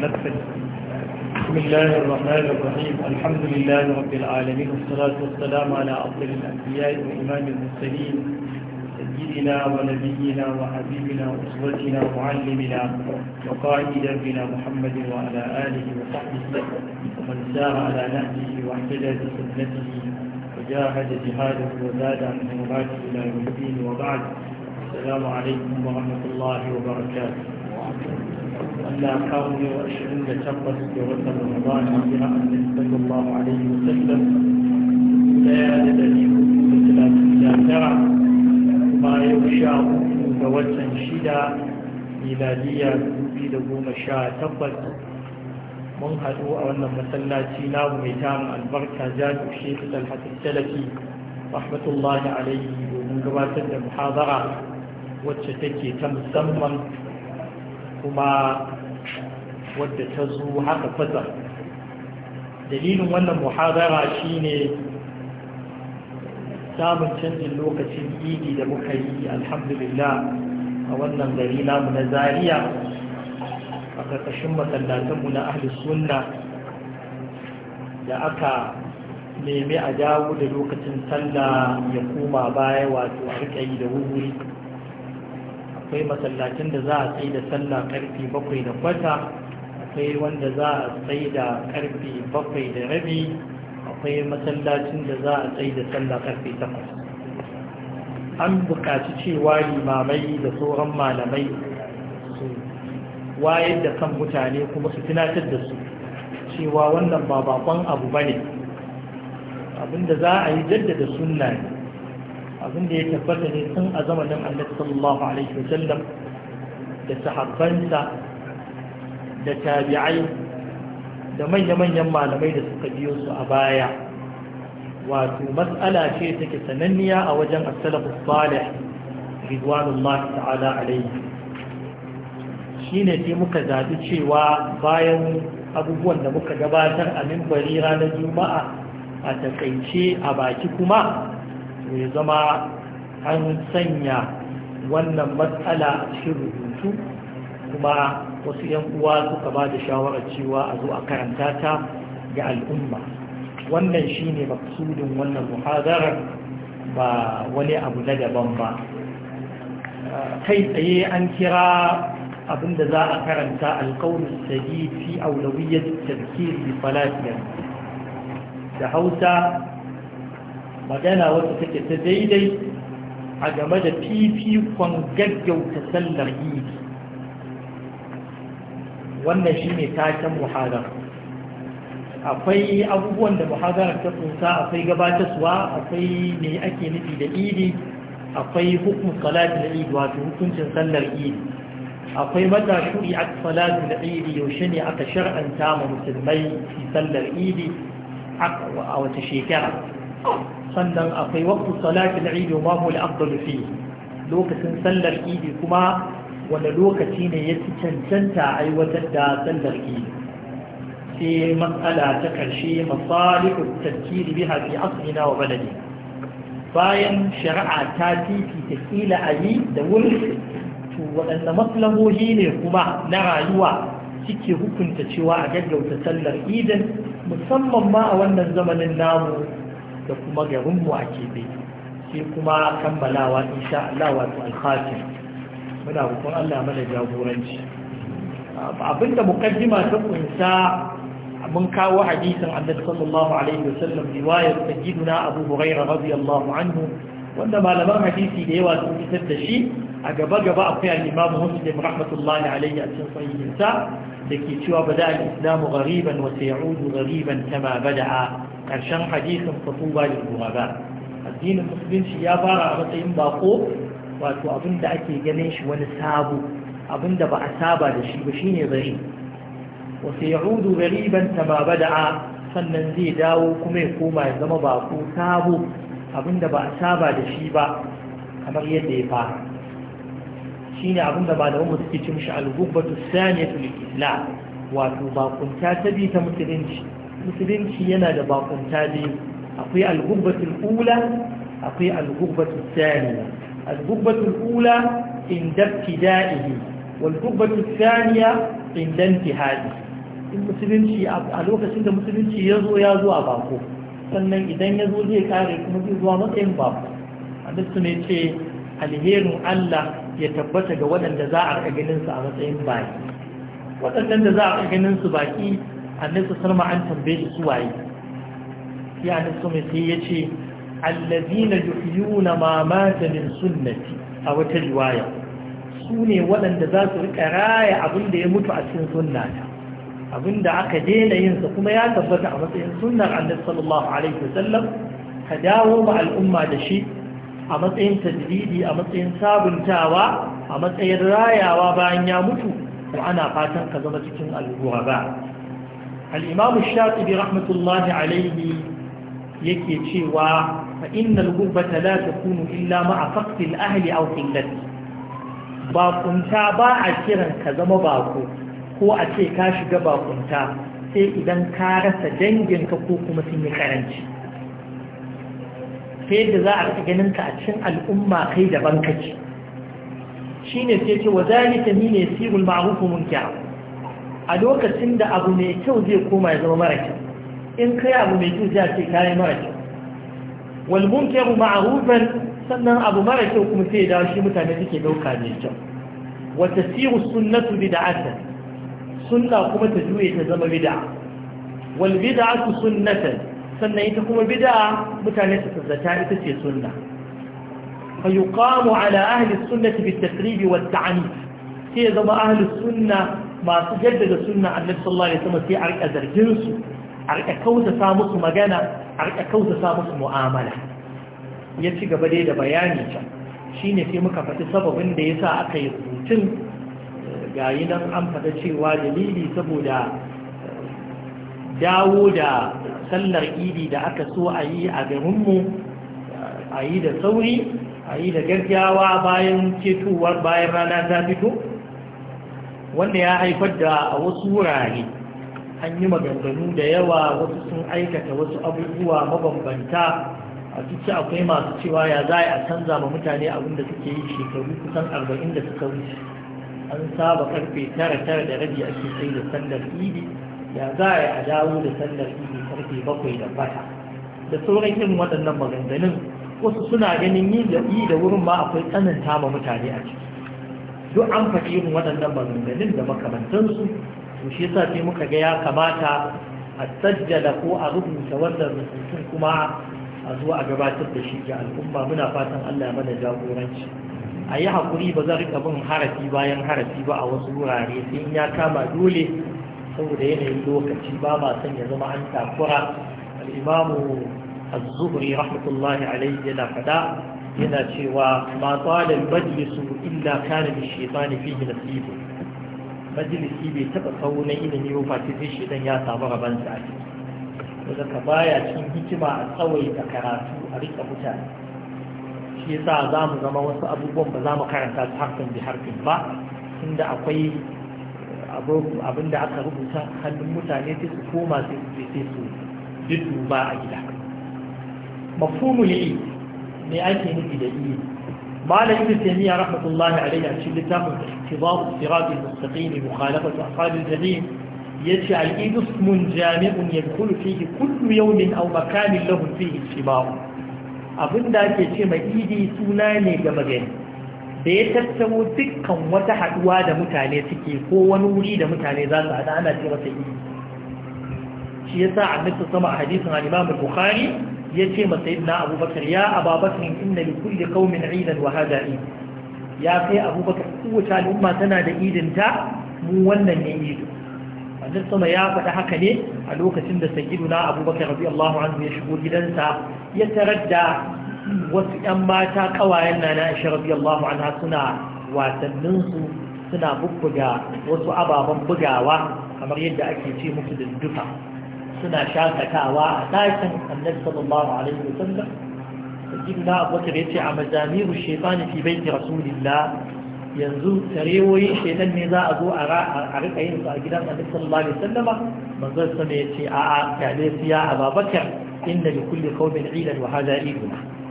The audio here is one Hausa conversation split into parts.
ونفسه بسم الله الرحمن الرحيم الحمد لله رب العالمين والصلاة والسلام على أفضل الأنبياء وإمام المرسلين سيدنا ونبينا وحبيبنا وأسوتنا ومعلمنا وقائد بنا محمد وعلى آله وصحبه ومن سار على نهجه واهتدى بسنته وجاهد جهاده وزاد عن حرماته إلى يوم الدين وبعد السلام عليكم ورحمة الله وبركاته ألا كانوا وأشعرون تقص جوزا daya da النبي صلى الله عليه وسلم لا لدليل ثلاثة ترى ما يغشى shida شدا dubi da دقوم sha تقص mun haɗu a wannan masallaci na mai tamu albarka jami'u shekhu talhatin salafi rahmatullahi alaihi domin gabatar da muhadara wacce take ta musamman kuma wadda ta zo haka kwata dalilin wannan muhadara shine samun canjin lokacin idi da muka yi alhamdulillah a wannan gari namu na zariya a ƙarƙashin masallatanmu na ahli sunna da aka nemi a dawo da lokacin sallah ya koma baya wato a riƙa yi da wuri akwai masallacin da za a tsaye da sallah ƙarfi bakwai da kwata akwai wanda za a tsaye da karfe bakwai da rabi akwai masallacin da za a tsaye da sallah karfe takwas an bukaci cewa limamai da sauran malamai su wayar da kan mutane kuma su tunatar da su cewa wannan ba bakon abu ba ne abinda za a yi jaddada sunna ne abinda ya tabbata ne tun a zamanin annabi sallallahu alaihi wasallam da sahabbansa da tabi'ai da manya-manyan malamai da suka biyo su a baya wato matsala ce take sananniya a wajen as-salafus salih ridwanullahi ta'ala alaihi shine sai muka zaɓi cewa bayan abubuwan da muka gabatar a mimbari ranar juma'a a takaice a baki kuma to ya zama an sanya wannan matsala a cikin rubutu kuma wasu yan uwa suka ba da shawarar cewa a zo a karanta ta ga al'umma wannan shine maksudin wannan muhadarar ba wani abu na daban ba kai tsaye an kira abinda za a karanta alƙawun sadi fi aulawiyyar tarkiri falafiyar da hausa magana wata take ta daidai a game da fifikon gaggauta sallar idi wannan shine taken muhadara akwai abubuwan da muhadara ta tsunsa akwai gabatarwa akwai ne ake nufi da idi akwai hukum salatu da idi wato hukuncin sallar idi akwai mata shuri aka salatu da idi yaushe ne aka shar'anta ma musulmai fi sallar idi a wata shekara sannan akwai waktu salatu da idi ma huwa al fi lokacin sallar idi kuma wanda lokaci ne ya ci cancanta aiwatar da sallar idi sai matsala ta ƙarshe masalihu tafkiri biha fi asmina wa baladi bayan shari'a ta titi ta kila a yi da wuri to waɗanda maslahohi ne kuma na rayuwa suke hukunta cewa a gaggauta sallar idan, musamman ma a wannan zamanin namu da kuma garinmu a kebe sai kuma kammalawa insha Allah wato alhaji muna roƙon Allah mana jagoranci abinda mukaddima ta kunsa mun kawo hadisin annabi sallallahu alaihi wasallam riwayar sayyiduna Abu Hurairah radiyallahu anhu wanda malaman hadisi da yawa sun fitar da shi a gaba gaba akwai al-Imam Muslim rahmatullahi alaihi a cikin sahihinsa da ke cewa bada al-Islamu ghariban wa sayudu ghariban kama bada'a karshen hadisin fatuba lil-ghuraba addinin musulunci ya fara a matsayin bako wato abinda ake ganin shi wani sabo abinda ba a saba da shi ba shine gari wasu yahudu gariban ta ba bada'a sannan zai dawo kuma ya koma ya zama bako sabo abin da ba a saba da shi ba kamar yadda ya fara shine abin da malamanmu suke cin shi al-gubbatu saniyatu lil-islam wato bakunta ta bi ta musulunci musulunci yana da bakunta biyu akwai al-gubbatu al-ula akwai al-gubbatu saniya الجبة الأولى عند ابتدائه والجبة الثانية عند انتهائه المسلمين a lokacin da musulunci ya zo ya zo a sannan idan ya zo zai kare kuma zai zuwa matsayin bako a duk ne ce alherin Allah ya tabbata ga waɗanda za a ganin su a matsayin baki waɗannan da za a ganin su baki annabi sallallahu alaihi wasallam an tambaye su waye sai annabi sallallahu alaihi wasallam sai ya ce allazina yuhyuna ma mata min sunnati a wata riwaya su ne waɗanda za su rika raya abin da ya mutu a cikin sunna abinda abin da aka daina yin sa kuma ya tabbata a matsayin sunnar annabi sallallahu alaihi wasallam ka dawo ma al'umma da shi a matsayin tajridi a matsayin sabuntawa a matsayin rayawa bayan ya mutu ko ana fatan ka zama cikin al'uwa ba al-imam shafi'i rahmatullahi alaihi yake cewa fa innal gurbata la takunu illa ma'a faqtil ahli aw qillati ba kunta ba a kiran ka zama bako ko a ce ka shiga bakunta sai idan ka rasa ka ko kuma sun yi karanci ta da za a rika ganin ka a cikin al'umma kai daban kake shine sai ce wa zalika min yasirul ma'ruf munkar a lokacin da abu mai kyau zai koma ya zama mara kyau in kai abu mai kyau sai a ce kayi mara kyau walmun wal munkaru ma'rufan sannan abu mara kyau kuma sai da shi mutane suke dauka mai kyau wata tasiru sunnatu bida'atan sunna kuma ta juye ta zama bida'a wal bid'atu sunnatan sannan ita kuma bida'a mutane su tazzata ita ce sunna فيقام على أهل السنة بالتقريب والتعنيف هي ذا أهل السنة ما تجدد السنة عن نفس الله يتم في عرق أزر جنسه a rika kautata musu magana a rika kautata musu mu'amala ya ci gaba dai da bayani can Shi ne sai muka faɗi sababin da ya sa aka yi rubutun eh, gayi nan an faɗa cewa dalili saboda eh, dawo da sallar idi da aka so a yi a garinmu eh, a yi da sauri a yi da gaggawa bayan cetowar bayan rana ta fito wanda ya haifar da a wasu wurare an yi maganganu da yawa wasu sun aikata wasu abubuwa mabambanta a cikin akwai masu cewa ya za a canza ma mutane abin da suke yi shekaru kusan arba'in da suka wuce an saba karfe tara tara da rabi ake sai da sandar idi ya za a dawo da sandar idi karfe bakwai da bata da sauran irin waɗannan maganganun wasu suna ganin yi da yi da wurin ma akwai tsananta ma mutane a ciki duk an faɗi irin waɗannan maganganun da makamantansu to shi yasa sai muka ga ya kamata a sajjada ko a rubuta wannan rubutun kuma a zuwa a gabatar da shi ga al'umma muna fatan Allah ya mana jagoranci a yi haƙuri ba zan rika bin harafi bayan harafi ba a wasu wurare sai in ya kama dole saboda yanayin lokaci ba ma son ya zama an takura al'imamu az-zuhri rahmatullahi alaihi yana fada yana cewa ma talal majlisu illa kana bi shaytani fihi majalisi bai taɓa tsawo na ilimi ba ba sai shi dan ya samu rabansa a ciki wanda ka baya cikin hikima a tsawaita karatu a rika mutane shi yasa za mu zama wasu abubuwan ba za mu karanta su harfin bi harfin ba inda akwai eh, abin da aka rubuta hannun mutane sai su koma sai su je sai su a gida mafhumu ne me ake nufi da iya malam ibn taymiya rahmatullahi alayhi a cikin littafin ittibaq sirat al-mustaqim mukhalafat ashab al-jahim yace al-eid ismun jami'un yadkhulu fihi kullu yawmin aw makanin lahu fihi ittibaq abinda ake ce mai idi suna ne ga magani da ya tattamo dukkan wata haduwa da mutane suke ko wani wuri da mutane za su hada ana ce masa idi shi yasa annabi sama a hadisin al-imam al ya ce masa abubakar ya ababakar inna li kulle qaumin idan wa hada ya sai abubakar kowace al'umma tana da idinta mu wannan ne idu annabi sama ya faɗa haka ne a lokacin da sayyiduna abubakar radiyallahu ya shigo gidansa ya tarar da wasu yan mata kawayen nana Aisha radiyallahu anha suna wasannin su suna bubbuga wasu ababen bugawa kamar yadda ake ce musu dinduka suna shakatawa a ɗakin annabi sallallahu alaihi wa sallam sayyidina abubakar ce a majami'u shaytani fi baiti rasulillah yanzu tarewoyi shaytan ne za a zo a rika yin su a gidan annabi sallallahu alaihi wa sallama manzon sama yace a a kale su ya ababakar inna li kulli qaumin idan wa hada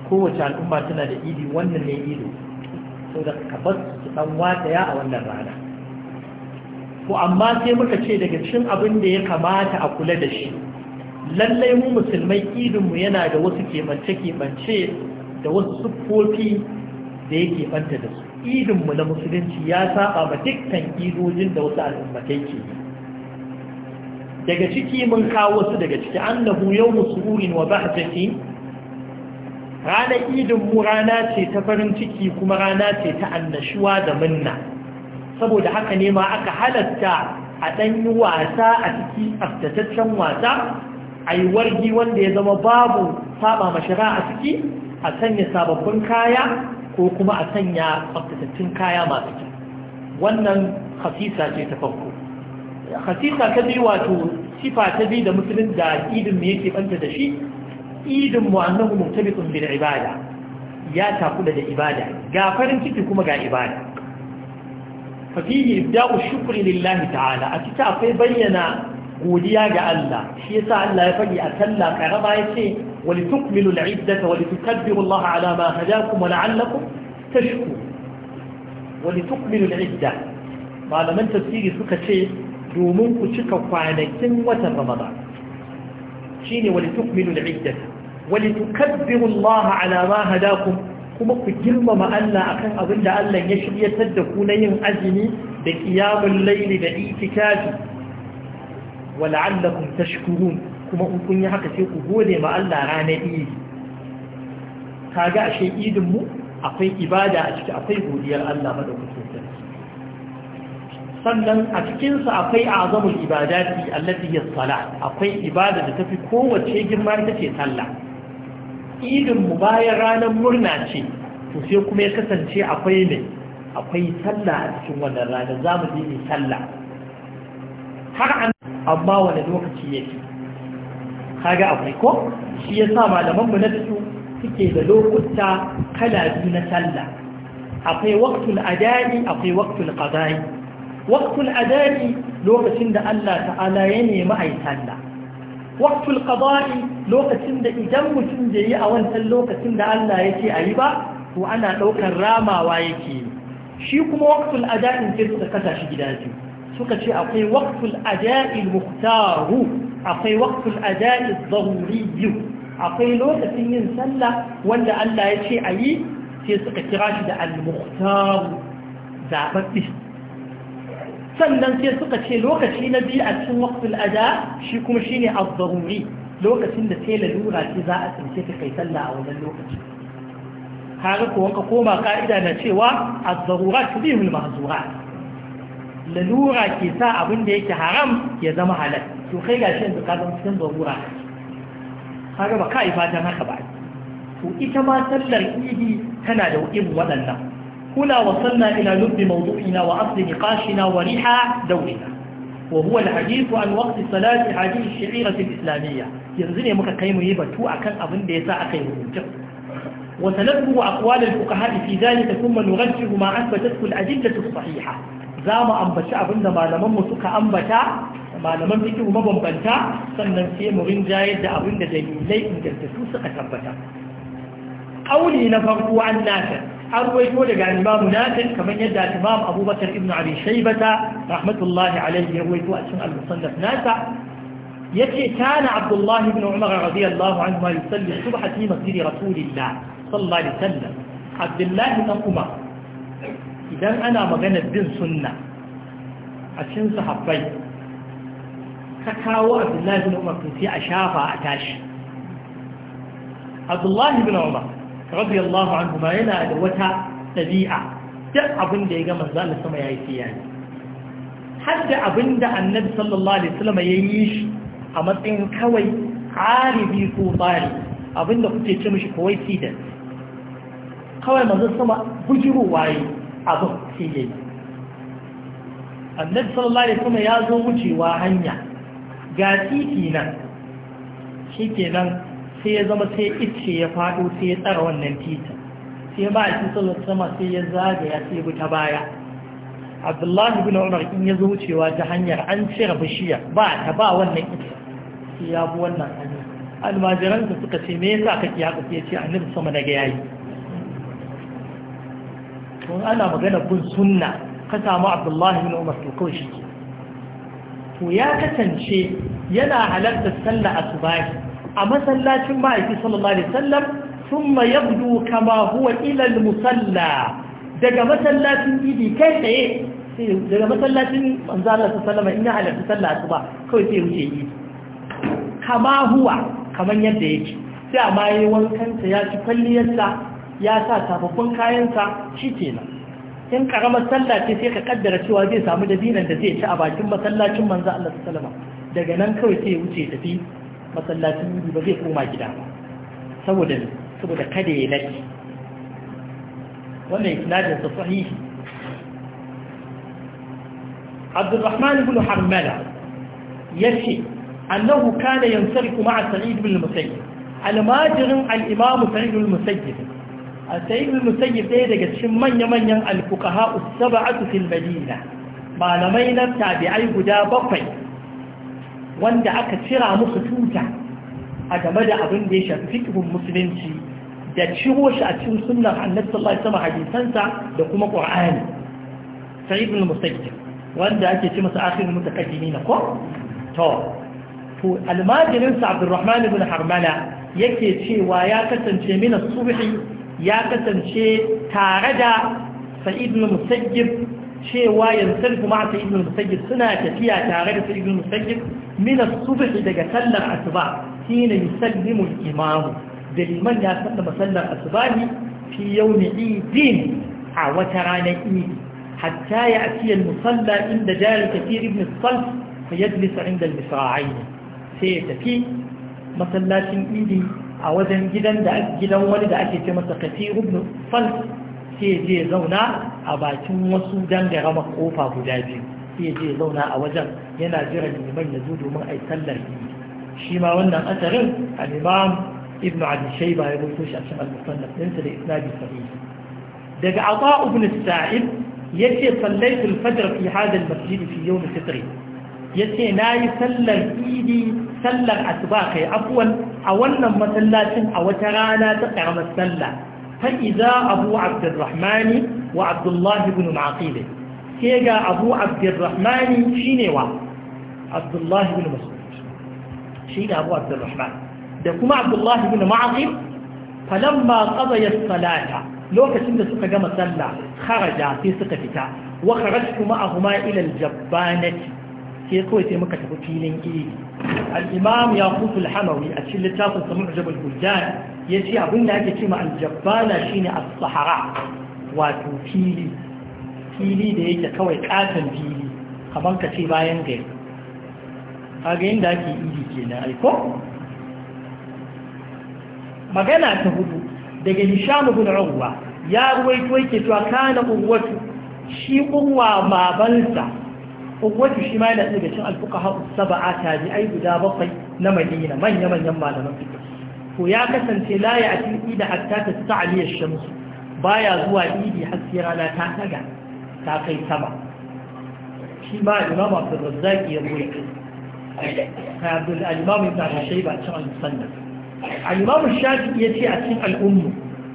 kowace al'umma tana da idi wannan ne ido saboda ka su dan wata a wannan rana to amma sai muka ce daga cikin abin da ya kamata a kula da shi lallai mu musulmai idinmu yana da wasu kemance-kemance da wasu siffofi da ya banta da su idinmu na musulunci ya saba ma dukkan idojin da wasu al'ummatai ke daga ciki mun kawo wasu daga ciki Annabu, yau musulun wa bahjati ranar idinmu rana ce ta farin ciki kuma rana ce ta annashuwa da minna saboda haka ne ma aka halatta a ɗan yi wasa a ciki aftataccen wasa a yi wargi wanda ya zama babu saba mashara a ciki a sanya sababbin kaya ko kuma a sanya aftataccen kaya masu kyau wannan hasisa ce ta farko hasisa ta biyu wato sifa ta biyu da musulun da idin mu yake banta da shi idin mu annahu mutabiqun bil ibada ya tafi da ibada ga farin ciki kuma ga ibada fafihi ibda'u shukri lillahi ta'ala a cikin akwai bayyana godiya ga Allah shi yasa Allah ya faɗi a sallah karaba yace wa litukmilu al'iddata wa litukabbiru Allah ala ma hadakum wa la'allakum tashku wa litukmilu al'idda malaman tafsiri suka ce domin ku cika kwanakin watan Ramadan shine wa litukmilu al'iddata wa kuma ku girmama Allah akan abin da Allah ya shiryatar da ku na yin azumi da qiyamul layli da itikafi wala'allakum tashkurun kuma in kun yi haka sai ku gode ma Allah ranar Idi kaga ashe idin mu akwai ibada a ciki akwai godiyar Allah madaukakin sarki sannan a cikinsa akwai azamul ibadati allati hiya salat akwai ibada da tafi kowace girma ta ce sallah idin mu bayan ranar murna ce to sai kuma ya kasance akwai ne akwai sallah a cikin wannan ranar za mu je sallah har an amma wani lokaci yake kaga akwai ko shi yasa malaman mu na su suke da lokuta kala biyu na sallah akwai waqtul adani akwai waqtul qada'i waqtul adani lokacin da Allah ta'ala ya nemi ai sallah waqtul qada'i lokacin da idan mutum da yi a wancan lokacin da Allah yake ayi ba to ana daukar ramawa yake shi kuma waqtul ada'in sai suka kasa shi gida biyu suka ce akwai waqtul ada'il muhtaru akwai waqtul ada'il daruri akwai lokacin yin sallah wanda Allah yake ayi sai suka kira shi da al-muhtaru sannan sai suka ce lokaci na biyu a cikin waqful ada shi kuma shine az-zaruri lokacin da sai lalura ce za a tsince ta kai sallah a wannan lokaci kaga ko wanka koma ka'ida na cewa az-zarurat tubihu al lalura ke sa abin da yake haram ya zama halal to kai gashi yanzu ka zama cikin zarura kaga ba yi fatan haka ba to ita ma sallar idi tana da irin waɗannan هنا وصلنا إلى لب موضوعنا وأصل نقاشنا وريح دورنا وهو الحديث عن وقت صلاة هذه الشعيرة الإسلامية ينزل يمك كيم يبتو أكن أظن بيسا أخيه وسنذكر أقوال الفقهاء في ذلك ثم نرجه ما أثبتته الأدلة الصحيحة زام أنبتاء أظن ما لم مسك أنبتاء ما لم فكه مبنبتاء سننسي مرنجايد أظن دليلي إن جلتسو سقط أنبتاء قولي نفرق عن نافع أرويته لقى الإمام نافع كمن يدى الإمام أبو بكر ابن أبي شيبة رحمة الله عليه يرويته أسمع المصنف نافع يكي كان عبد الله بن عمر رضي الله عنهما يصلي الصبح في مسجد رسول الله صلى الله عليه وسلم عبد الله بن عمر إذا أنا مغنى بن سنة عشان صحابي كاكاو عبد الله بن عمر في أشافة أتاش عبد الله بن عمر radiyallahu anhu ma yana da wata ɗabi'a duk abin da ya ga manzo Allah sama yayi sai yayi har da abin da annabi sallallahu alaihi wasallam ya yi shi a matsayin kawai aribi ko bari abin da kuke ce mishi kawai sidan kawai manzo sama bujiro waye abu sai yayi annabi sallallahu alaihi wasallam ya zo wucewa hanya ga titi nan shikenan sai ya zama sai icce ya faɗo sai ya tsara wannan titin sai ba a cikin sama sai ya zagaya sai bi ta baya abdullahi bin umar in ya wucewa ta hanyar an cire bishiya ba ta ba wannan ita sai ya bu wannan hanyar almajiransa suka ce me yasa kake haka sai ya ce annabi sama daga yayi to ana magana bin sunna ka samu abdullahi bin umar to kawai shi to ya kasance yana halarta sallah asubahi a masallacin ma'aiki sallallahu alaihi wasallam thumma yabdu kama huwa ila al-musalla daga masallacin idi kai tsaye daga masallacin manzo Allah sallallahu alaihi wasallam sallah asuba kawai sai wuce yi kama huwa kaman yadda yake sai amma yayi wankan sa ya ci kwalliyarsa ya sa kayansa kayan sa shikenan in karamar sallah ce sai ka kaddara cewa zai samu dabinan da zai ci a bakin masallacin manzo Allah sallallahu alaihi wasallam daga nan kawai sai wuce tafi masallacin yi ba zai koma gida saboda saboda kada ya laki wannan isnadin sa sahihi Abdurrahman ibn ya ce, annahu kana yansariku ma'a Sa'id ibn al-Musayyib almajirin al-Imam Sa'id ibn al-Musayyib Sa'id ibn musayyib dai daga cikin manya-manyan al-fuqaha as-sab'atu fil Madina malamai na tabi'ai guda bakwai wanda aka cira musu tuta a game da abin da ya shafi fikihun musulunci da ciwo shi a cikin sunan annabta, sallallahu alaihi wasallam hadisansa da kuma qur'ani sa'id ibn musayyib wanda ake ce masa akhirul na ko to to almajirin abdurrahman ibn harmala yake cewa ya kasance mina as ya kasance tare da sa'id ibn cewa yanzu kuma ta ibn musayyib suna tafiya tare da su ibn musayyib min as-subh daga sallar asuba hina yusallimu al-imam da liman ya sallama sallar asuba ni fi yawmi idin a wata ranar idi hatta ya atiya al-musalla inda jari kafir ibn as-salf fa yajlis inda al-misra'ain sai ya tafi masallacin idi a wajen gidan da gidan wani da ake ce masa kafir ibn salf sai je zauna a bakin wasu dangara kofa guda biyu sai je zauna a wajen yana jiran liman ya zo domin a yi sallar shi ma wannan asarin Alimam ibn abi shayba ya rubuto shi a cikin al-musannaf ɗinsa da isnadi sahih daga ata ibn sa'id yace sallaitu al-fajr fi hada al-masjid fi yawm fitr yace nayi sallar idi sallar asuba kai afwan a wannan masallacin a wata rana ta karamar sallah فإذا أبو عبد الرحمن وعبد الله بن معقيل سيجا أبو عبد الرحمن شينيوا عبد الله بن مسعود شين أبو عبد الرحمن دكما عبد الله بن معقيل فلما قضي الصلاة لو كسند سكا جما صلى خرج في سكا فتا وخرجت معهما إلى الجبانة سيكوي سيمكا تفكيلين إيه al al’imam ya kusur hamari a cikin littafin samun jabal guldan ya ce abinda da ake cima aljabbana shi ne a sahara wato fili fili da yake kawai katon fili kamar ka ce bayan gari a yadda ake iri ke na aiko magana ta hudu daga nishanu gudun ruwa ya ruwaito yake tuwa kanan ruwatu shi ruwa mabansa uwatu shi ma yana daga cikin alfuqaha sab'a tabi'ai guda bakwai na Madina manya manyan malaman fiqh to ya kasance la ya ati ida hatta tasta'li ash-shams baya zuwa idi har sai rana ta daga ta kai sama shi ma Imam Abdul Razzaq ya ruwaito Abdul Imam Ibn Abi Shayba cikin al-Musannaf Al-Imam Shafi'i yace a cikin al-Ummu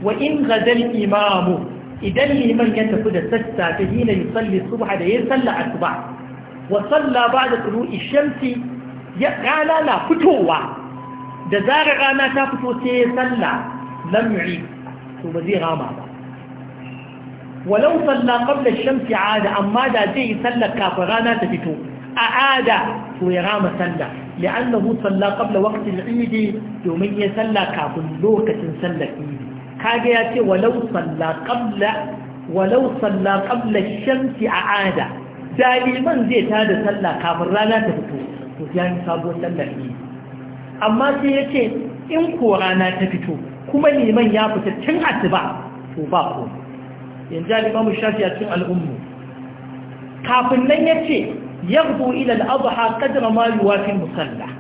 wa in ghadal imamu idan liman ya tafi da sassa ta hina yusalli subha da ya salla asuba wa ba da tulu'i shamsi ya rana na fitowa da zara rana ta fito sai ya salla lam to ba zai rama ba walau salla qabla shamsi ada amma da zai yi salla kafin rana ta fito a ada to ya rama salla li'annahu salla qabla waqti al-eid domin ya salla kafin lokacin sallar eid kage ya ce walau salla kabla walau salla qabla shamsi ada da liman zai tada sallah kafin rana ta fito to ya yi sabuwar sallar ne amma sai ya ce in ko rana ta fito kuma neman ya fita cin asuba to ba ko yanzu alimamu shafi a cin al'ummu kafin nan ya ce yabdu ila al'adha qadra ma yuwafi musalla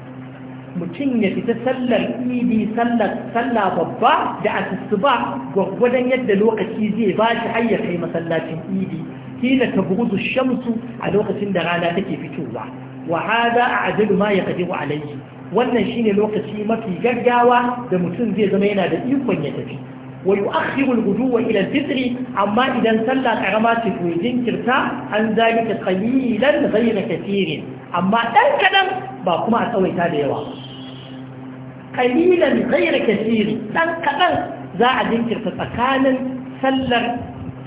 mutum ya fita sallar idi sallar sallah babba da asuba gwaggwadon yadda lokaci zai ba shi kai masallacin idi ta tabruzu shamsu a lokacin da rana take fitowa wa hada a'jalu ma yaqdiru alayhi wannan shine lokaci mafi gaggawa da mutum zai zama yana da ikon ya tafi wa yu'akhiru al-ghuduwa ila al-fitr amma idan sallah karama ce to jinkirta an zalika qalilan ghayra kathirin amma dan kadan ba kuma a tsawaita da yawa qalilan ghayra kathiri dan kadan za a jinkirta tsakanin sallar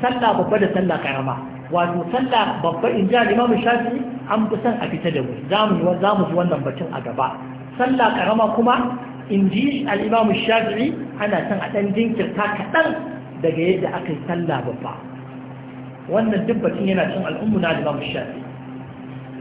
sallah babba da sallah karama wato sallah babba inji ji al shafi an fi son a fita da wuri za mu ji wannan batun a gaba sallah karama kuma in ji al shafi ana son a ɗan jinkirta kaɗan daga yadda aka yi sallah babba wannan duk batun yana cin al'ummu na al-imam shafi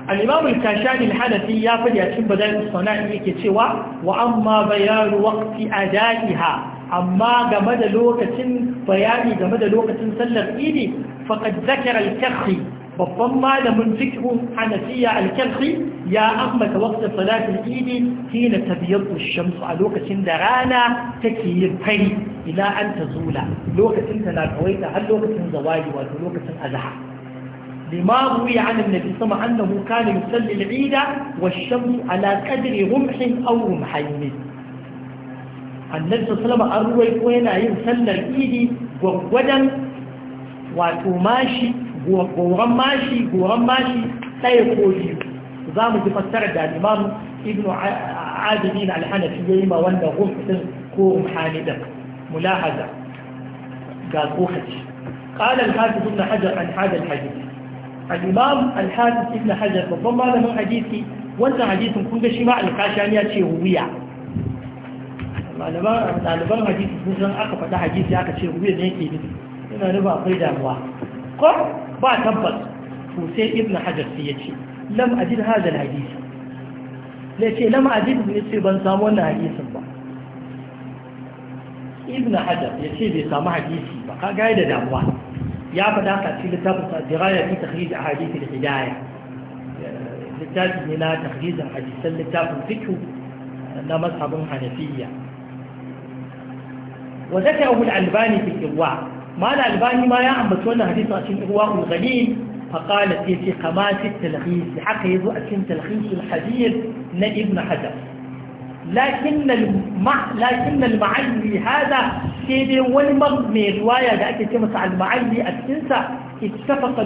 الإمام الكاشاني الحنفي يافد يتم بدل الصناعي كتوى وأما بيان a أدائها amma game da lokacin bayani game da lokacin sallar idi faqad zakara al-kafi babban malamin fiqhu hanafiya al-kafi ya ambata waqtin salatul idi hina tabyadu ash-shams a lokacin da rana take yin fari ila an tazula lokacin ta na kawaita har lokacin zawali wato lokacin azhar لما روي عن النبي صلى الله عليه وسلم أنه كان يصلي العيد والشمس على قدر رمح أو رمحين annabi sallama an ruwai ko yana yin sallar idi gwaggwadan wato mashi goron mashi goron mashi ɗaya ko biyu za mu ji fassara da imam ibnu adini na alhanafi ya yi ma wanda gumfin ko muhammadin mulahaza ga tsohaci قال الحافظ ابن حجر عن هذا الحديث الإمام الحافظ ابن حجر بالضمة من حديثي وانت حديث كنت شماء القاشانية شهوية ɗaliban hadisi sun san aka faɗi hadisi aka ce ruwa ne ke nufi ina nufa akwai damuwa ko ba tabbas to sai ibn hajar sai ya ce lam ajid hadal hadisi ne ce lam ajid ne ce ban samu wannan hadisin ba ibn hajar ya ce bai samu hadisi ba ka gaya da damuwa ya faɗa ka cikin littafin sa diraya fi da ahadith da hidayah littafi ne na takhrijin hadisan littafin fiqh na mazhabin hanafiyya وذكره الألباني في الإغواء ما الألباني ما يعمل تولى حديث عشان إغواء الغليل فقال في قماس التلخيص حق يضوء عشان تلخيص الحديث لابن حجر لكن المع... لكن المعلي هذا سيدي والمغ من رواية ذاك كمس على المعلي السنسة اتفق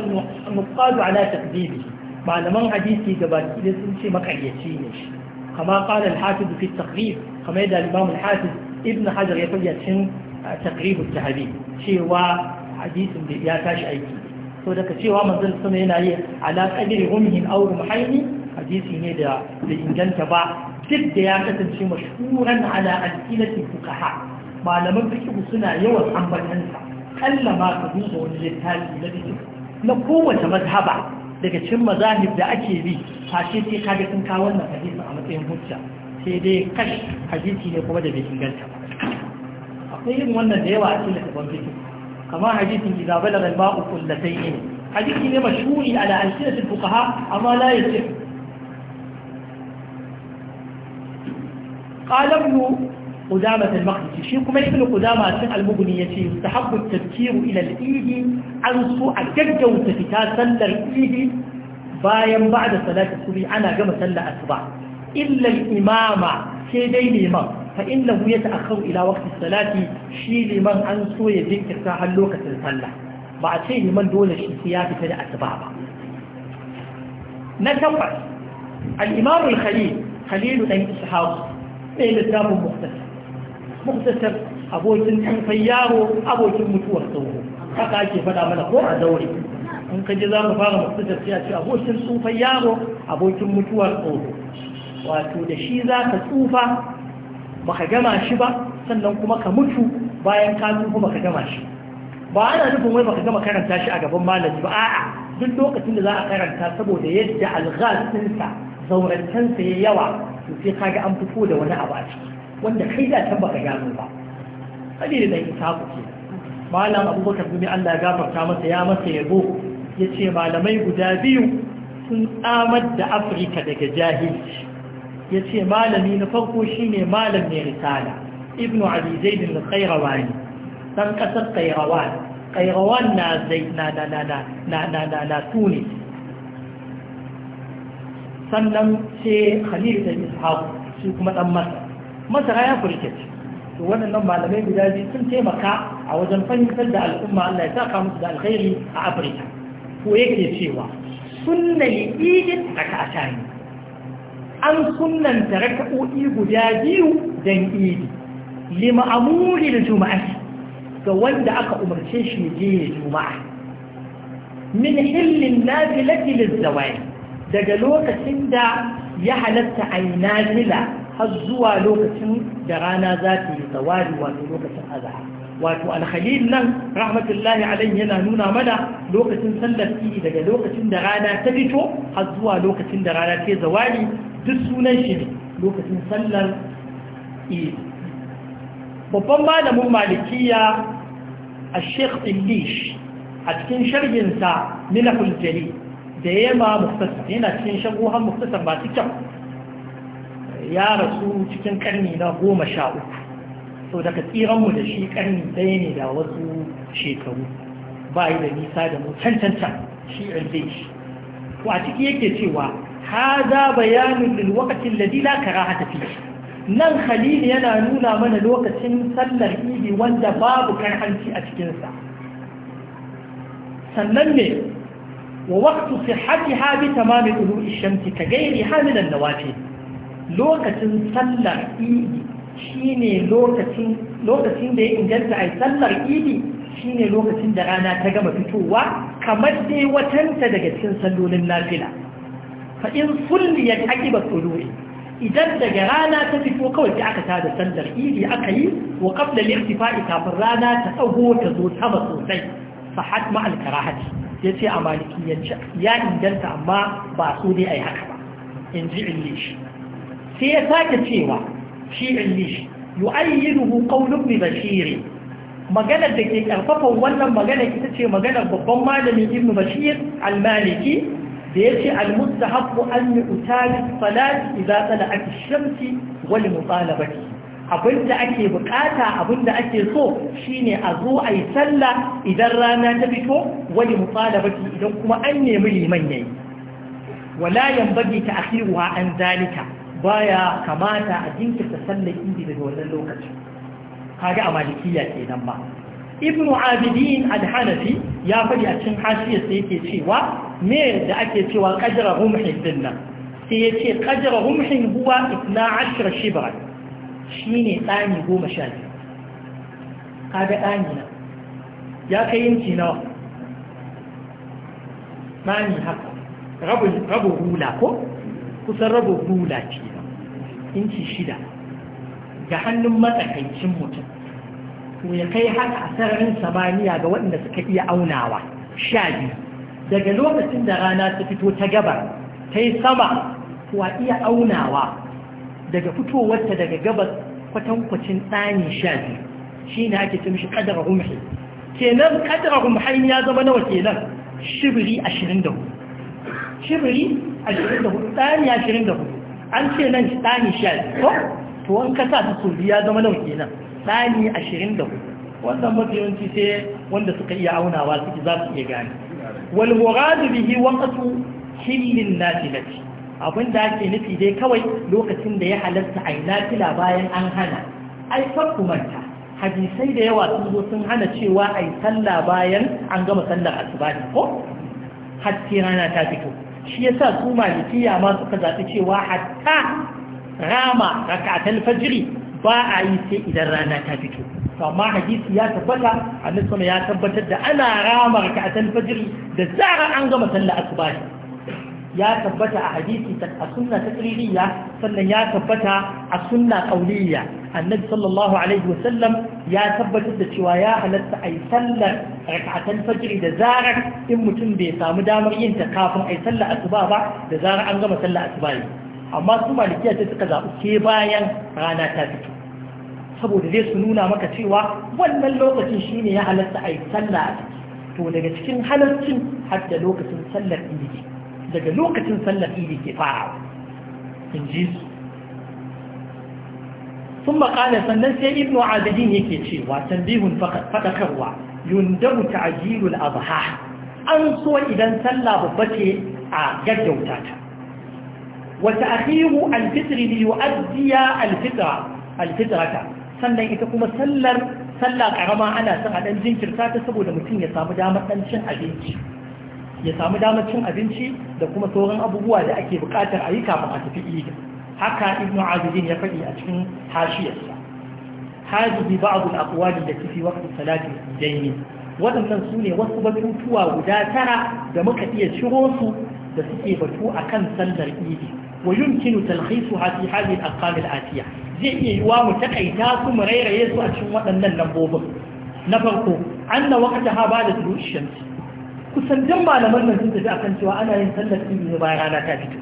النقاد على تقديمه مع لمن حديثي قبل إذا سنشي مقعيتيني kama qala al-hafiz fi at-taqrib kama yadda ibn hajar ya fayya cin taqrib at cewa hadisin ya tashi aiki to daga cewa manzon sama yana yi ala qadri umhin aw muhayni hadisi ne da da inganta ba duk da ya kasance mashhuran ala al-ilati fuqaha malaman fiqh suna yawan ambatansa kalla ma ka duba wani littafi na na kowace mazhaba daga cikin mazahib da ake bi fashe sai kaga sun kawo wannan hadisi matsayin hujja sai dai kash hadisi ne kuma da bai inganta akwai yin wannan da yawa a cikin littafin fikin kama hadisin idza balagha al-ma'u qullatayn hadisi ne mashhuri ala al-sinat al-fuqaha amma la yasih qala ibn قدامة المقدس شيء كما ابن قدامة المغني يتي يستحب التذكير إلى الإيد عن سوء جد وتفتات سلة الإيد باين بعد صلاة الصبح أنا قم سلة أتباع إلا الإمام سيدي لمن فإنه يتأخر إلى وقت الصلاة شي لمن أنسو يذكر ارتاح لوكة الصلاة بعد شي لمن دول الشمسيات فلا أسبابا نتوقع الإمام الخليل خليل بن إسحاق إيه للتاب مختصر مختصر أبو fayyaro abokin أبو sauro وقته ake faɗa mana ko a إن in ka ji مختصر mu أبو mutu da أبو ce وقته wato da shi za ka tsufa ba ka gama shi ba sannan kuma ka mutu bayan ka tsufa ba ka gama shi ba ana nufin wai ba ka gama karanta shi a gaban malami ba a'a duk lokacin da za a karanta saboda yadda alghasinsa zaurantansa ya yawa to sai ka ga an fito da wani abu a ciki wanda kai da can ka gano ba hadiri da isa ku ce malam abubakar gumi Allah ya gafarta masa ya masa yabo ya ce malamai guda biyu sun tsamar da afirka daga jahilci ya ce malami na farko shine malam mai risala ibnu abi zaid al-qayrawani dan kasar qayrawan qayrawan na na na na na na na na sannan ce khalil da ishaq shi kuma dan masa. masar ya furke to waɗannan malamai guda biyu sun taimaka a wajen fahimtar da al'umma Allah ya saka musu da alkhairi a Afirka ko yake cewa sunna liqidin raka'atani an sunanta raka'o'i guda biyu dan idi limamuri da juma'a ga wanda aka umarce shi je juma'a min hillin nafilati lizawai daga lokacin da ya halatta a yi nafila har zuwa lokacin da rana za ta yi zawari wato lokacin azahar wato alhalil nan rahmatullahi alayhi yana nuna mana lokacin sallar idi daga lokacin da rana ta fito har zuwa lokacin da rana ta zawari duk sunan shi ne lokacin sallar idi babban malamin malikiya a sheikh english a cikin sharginsa milakul jari da ya ma muktasar yana cikin shagohan muktasar masu kyau ya rasu cikin karni na goma sha uku so daga tsiranmu da shi karni ɗaya ne da wasu shekaru ba yi da nisa da mu can shi english to a ciki yake cewa هذا بيان للوقت الذي لا كراهة فيه nan khalil yana nuna mana lokacin sallar idi wanda babu karhanci a cikinsa sannan ne wa waktu sihhati ha bi tamami dhuhuri shamsi ka gairi ha da an-nawafil lokacin sallar idi shine lokacin lokacin da ya inganta ai sallar idi shine lokacin da rana ta gama fitowa kamar dai watanta daga cikin sallolin nafila fa in ake aqiba tulu'i idan daga rana ta fito kawai ta aka tada sandar idi aka yi wa qabla al-irtifa'i kafin rana ta dago ta zo ba sosai fa hatma al ya ce a maliki ya inganta amma ba so dai ai haka ba in ji sai ya sake cewa shi illish yu'ayyiduhu qawlu ibn bashir maganar da ke karfafa wannan maganar ita ce maganar babban malamin ibn bashir al-maliki da yace al-mustahabbu an yu'tali salati idza tala'at ash-shamsi wal mutalabati abinda ake bukata abinda ake so shine a zo a yi sallah idan rana ta fito wani mutalabati idan kuma an nemi liman yayi wala yanbaghi ta'khiruha an zalika baya kamata a jinkirta sallar da daga wannan lokacin kaga a malikiya kenan ba ابن عابدين الحنفي يا فدي أتشن حاشية سيكي تشيوا مير دأكي تشيوا قجر غمح دلنا سيكي قجر غمح هو 12 شبرا شيني تاني هو مشاهد هذا آنينا يا كين تنو ماني حقا ربو ربو غولا كو كسر ربو غولا تنو انتي شدا جهنم متى كين تنو to ya kai haka a sararin samaniya ga waɗanda suka iya aunawa sha biyu daga lokacin da rana ta fito ta gabar ta yi sama to a iya aunawa daga fitowarta daga gabas kwatankwacin tsani sha biyu shi ne ake cin shi ƙadara rumhi kenan ƙadara rumhain ya zama nawa kenan shibiri ashirin da hudu shibiri ashirin da hudu tsani ashirin da hudu an ce nan tsani sha biyu to an kasa ta sobi ya zama nawa kenan tsani ashirin da hudu wannan mafi sai wanda suka iya aunawa suke za su iya gane wal muradu bihi waqtu hillin nafilati abin da ake nufi dai kawai lokacin da ya halatta a nafila bayan an hana ai fakku manta hadisai da yawa sun zo sun hana cewa ai sallah bayan an gama sallar asuba ko hatta rana ta fito shi yasa su malikiya ma suka zaɓi cewa hatta rama raka'atul fajri ba a yi sai idan rana ta fito amma hadisi ya tabbata annabi ya tabbatar da ana ramar ka atan fajr da zara an gama sallar asuba ya tabbata a hadisi a sunna ta tsiririya sannan ya tabbata a sunna qauliyya annabi sallallahu alaihi wa sallam ya tabbatar da cewa ya halatta ai sallar rak'atan fajr da zarar in mutum bai samu damar yin ta kafin ai sallar asuba ba da zarar an gama sallar asuba amma su malikiya sai suka zaɓi ke bayan rana ta fito saboda zai su nuna maka cewa wannan lokacin shine ya halarta a yi sallah a ciki to daga cikin halarcin har da lokacin sallar idi daga lokacin sallar idi ke fara in ji su sun makana sannan sai ibn adadin yake cewa tambihun fadakarwa yundabu ta'jilul adha an so idan sallah babba ce a gaggauta ta وتأخير الفطر ليؤدي الفطرة الفطرة sannan ita kuma sallar sallah karama ana son ɗan jinkirta ta saboda mutum ya samu damar dan cin abinci ya samu damar cin abinci da kuma sauran abubuwa da ake bukatar a yi kafin a tafi idi haka ibn azizin ya faɗi a cikin hashiyarsa hadhihi ba'd al-aqwal allati fi waqt salati al-idayn waɗannan su ne wasu batutuwa guda tara da muka iya ciro su da suke batu akan sallar idi ويمكن تلخيصها في هذه الأرقام الآتية زي يوام تقيتاكم غير يسوى شموة أن النبوب نفرق أن وقتها بعد طلوع الشمس kusan jan malaman nan sun tafi akan cewa ana yin sallar ɗin ne bayan rana ta fito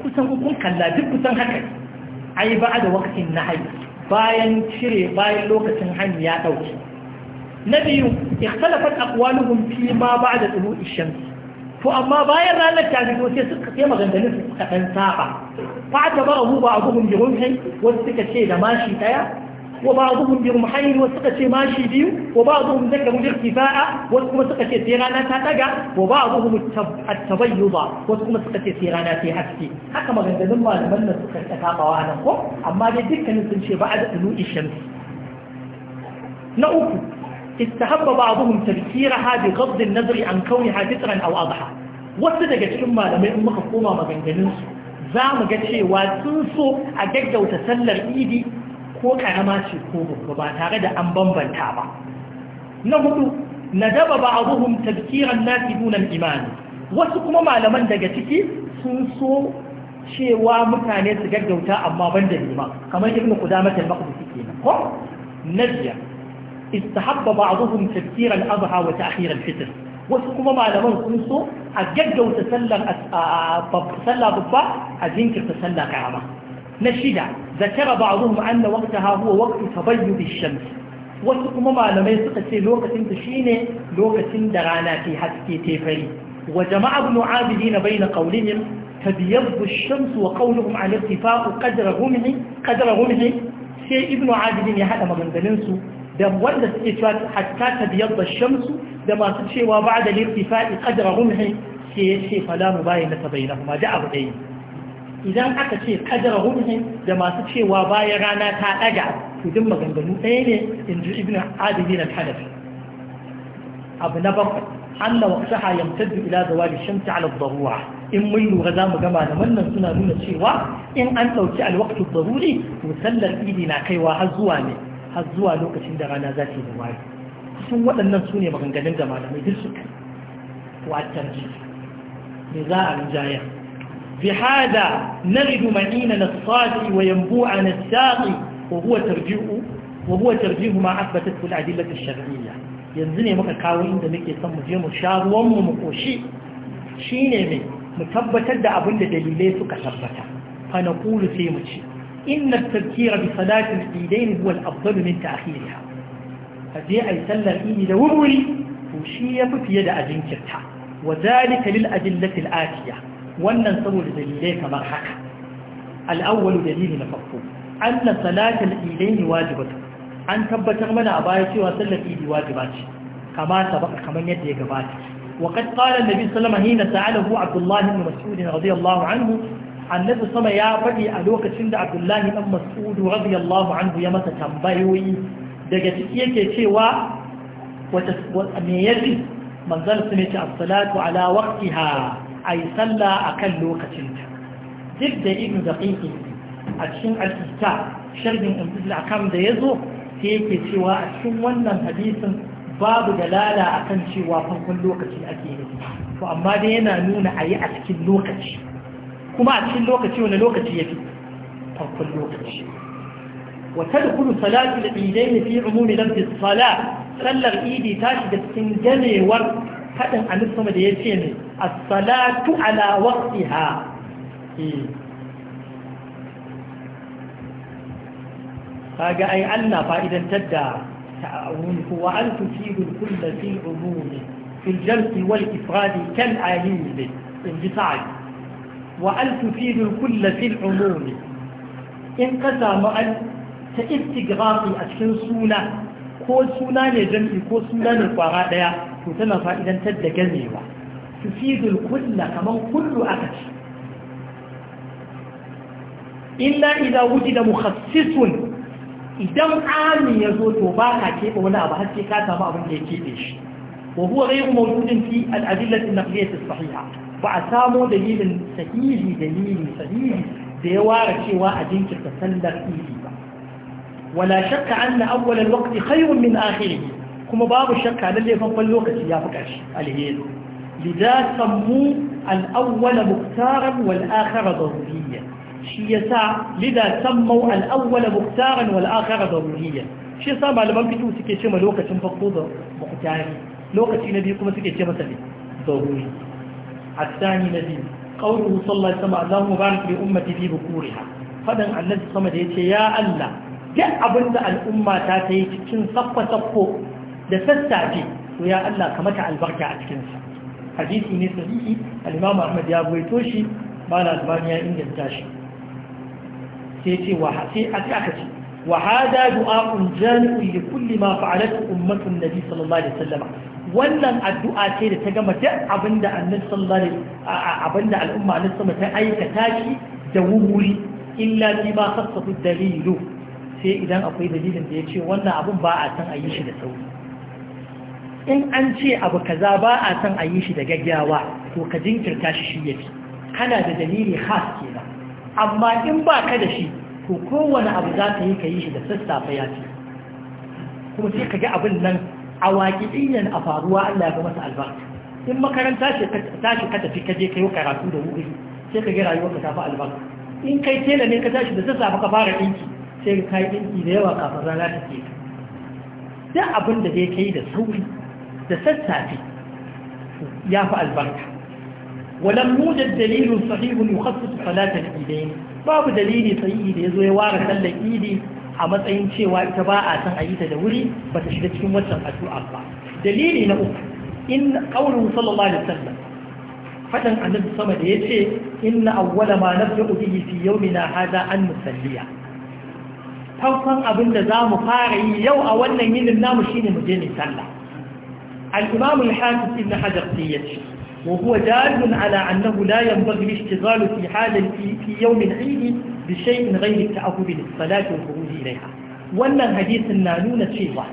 kusan kun kalla duk kusan haka ai ba da waktin na hayi bayan cire bayan lokacin hanyar ya ɗauki na biyu ikhtalafa aqwaluhum fi ba to amma bayan ranar ta fito sai suka sai maganganun suka dan saba fa ta ba hu ba abuhum bi rumhi wasu suka ce da mashi daya wa ba abuhum bi rumhayn wasu suka ce mashi biyu wa ba abuhum daga mujir kifaa wasu kuma suka ce sai rana ta daga wa ba abuhum at-tabayyuda wasu kuma suka ce sai rana ta haske haka maganganun malaman nan suka saba wa nan ko amma dai dukkanin sun ce ba a da tulu ishams na uku استحب بعضهم تذكيرها بغض النظر an كونها فطرا أو أضحى wasu daga cikin malamai in muka koma maganganunsu za mu ga cewa sun so a gaggauta sallar idi ko karama ce ko babba ba tare da an bambanta ba na hudu na daba ba abuhun tafkiran nasi dunan imani wasu kuma malaman daga ciki sun so cewa mutane su gaggauta amma ban da lima kamar irin kudamatar maƙabusi kenan ko na biyar istahabba ba'dhum tafsir al-adha wa ta'khir al-fitr wasu kuma malaman sun so a gaggauta sallar sallah babba a jinkirta sallah karama na shida zakara ba'dhum anna waqtaha huwa waqtu tabayyud ash-shams wasu kuma malamai suka ce lokacin ta shine lokacin da rana ke haske ta fari wa jama'a ibn abidin bayna qawlihim تبيض الشمس وقولهم على ارتفاع قدر غمه قدر غمه sai ibnu abidin ya haɗa maganganunsu da wanda suke cewa hatta ta biyar da shamsu da masu cewa ba da lirtifa'i kadara rumhi sai ya ce fala mu bayan tabai na kuma da abu ɗaya idan aka ce kadara rumhi da masu cewa bayan rana ta ɗaga to maganganu ɗaya ne in ji ibn adili na hanafi abu na bakwai Allah wa saha da ila da shamsi ala darura in mun lura za mu gama da wannan suna nuna cewa in an ɗauki alwaqtu daruri to sallar idi na kaiwa har zuwa ne har zuwa lokacin da rana zata ta yi wari sun waɗannan sune ne maganganun da malamai duk su kan wata za a rinjaya bi hada na ridu ma'ina na tsari wa yambu a na tsari wa huwa ma asibata su da adilar shari'iyya yanzu ne muka kawo inda muke son muje mu sha ruwanmu mu koshi shi ne mai mu tabbatar da abinda dalilai suka tabbata fa kulu sai mu ce إن التذكير بصلاة الإيدين هو الأفضل من تأخيرها فجاء يسلى الإيد دوري وشي في يد أجنكتها وذلك للأدلة الآتية وننصب الدليلين كما حكى الأول دليل نفقه أن صلاة الإيدين واجبة أن تبتغ من أبايتي وصلى الإيد واجباتي كما سبق كما يدي قباتي وقد قال النبي صلى الله عليه وسلم حين سأله عبد الله بن مسعود رضي الله عنه annabi sama ya faɗi a lokacin da abdullahi ɗan mas'udu radiyallahu anhu ya masa tambayoyi daga ciki yake cewa me ya fi su ne ta assalatu ala waqtiha ay salla akan lokacinta duk da ibn daqiqi a cikin al-ista sharhin ibn akam da yazo sai yake cewa a cikin wannan hadisin babu dalala akan cewa farkon lokaci ake yi to amma dai yana nuna ayi a cikin lokaci kuma a cikin lokaci wani lokaci ya fi وتدخل صلاة العيدين في عموم لفظ الصلاة صلى إيدي تاشد السنجني ورد فأنا عن السماء ديتيني الصلاة على وقتها فقا أي أن فإذا امتد تعاون هو أن تفيد الكل في عموم في الجمع والإفراد كالعليل إن wa alfufidul kullafin umuri in ka samu ta istigrafi a cikin suna ko suna ne jami'i ko suna ne kwara ɗaya, to tana fa'idantar da ganewa tufidul kulla kamar kullu aka ce illa ila wuji da mukhassisun idan amin ya zo to baka ka keɓe wani abu haske ka samu abin da ya keɓe shi wa huwa rai umar fi al'adillatin na fiye ta sahiha ba a samo dalilin sahihi dalilin sahihi da ya ware cewa a jinkirta sallar idi ba wala shakka anna awwal alwaqti khayrun min akhirih kuma babu shakka lalle farkon lokaci ya yafi karshe alheri lidha sammu al-awwal muqtaran wal akhir daruriyya shi yasa lidha sammu al-awwal muqtaran wal akhir daruriyya shi yasa malaman fitu suke ce ma lokacin farko da muqtari lokaci na biyu kuma suke ce masa ne daruri الثاني نبي قوله صلى الله عليه وسلم اللهم بارك لأمتي في بكورها فدن النبي صلى الله عليه وسلم يا الله duk abin da al'umma ta ta yi cikin saffa-saffo da sassafe to ya Allah ka mata albarka a cikinsa hadisi ne sadi'i al Ahmad ya goyito shi mala albani inganta shi sai ce wa sai aka ce du'a'un jami'un li kulli ma nabi sallallahu alaihi wannan addu'a ce da ta gama duk abinda al'umma annabi sama ta aikata shi da wuri illa bi ma sassafi dalilu sai idan akwai dalilin da yace wannan abun ba a san a yi shi da sauri in an ce abu kaza ba a san a yi shi da gaggawa to ka jinkirta shi shi yafi kana da dalili khas ba, amma in ba ka da shi to kowane abu za ka yi ka yi shi da sassafe ya fi kuma sai ka ga abin nan a waƙiɗiyan a faruwa Allah ga masa albarka in makaranta ce tashi ka tafi kaje kai karatu da wuri sai ka ga rayuwar ka tafi albarka in kai tela ne ka tashi da sassafe ka fara ɗinki sai ka yi ɗinki da yawa kafin rana ta ke duk abin da zai kai da sauri da sassafe ya fi albarka ولم يوجد دليل babu يخصص صلاة da ya zo ya ware sallar الإيدي a matsayin cewa ita ba a san ayyuta ta da wuri ba ta shiga cikin waccan addu'a ba dalili na uku in qaulun sallallahu alaihi wasallam fadan annabi sama da yace inna awwala ma nabda'u bihi fi yawmina hada an musalliya farkon abin da za mu fara yi yau a wannan yinin namu shine mu je ne sallah al-imam al-hafiz ibn hajar yace وهو دال على أنه لا ينبغي الاشتغال في حال في يوم العيد bishai in rai ta abu bin salatin kuruji ilaiha wannan hadisin na nuna cewa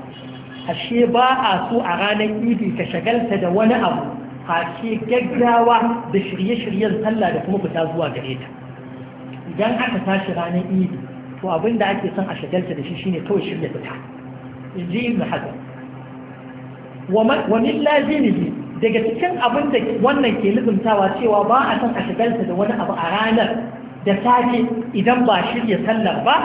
ashe ba a so a ranar idi ka shagalta da wani abu face gaggawa da shirye-shiryen sallah da kuma fita zuwa gare ta idan aka tashi ranar idi to abin da ake son a shagalta da shi shine kawai shirya fita in ji ibn hajar wa min lazimihi daga cikin abin da wannan ke lizumtawa cewa ba a son a shagalta da wani abu a ranar da safe idan ba shirya sallar ba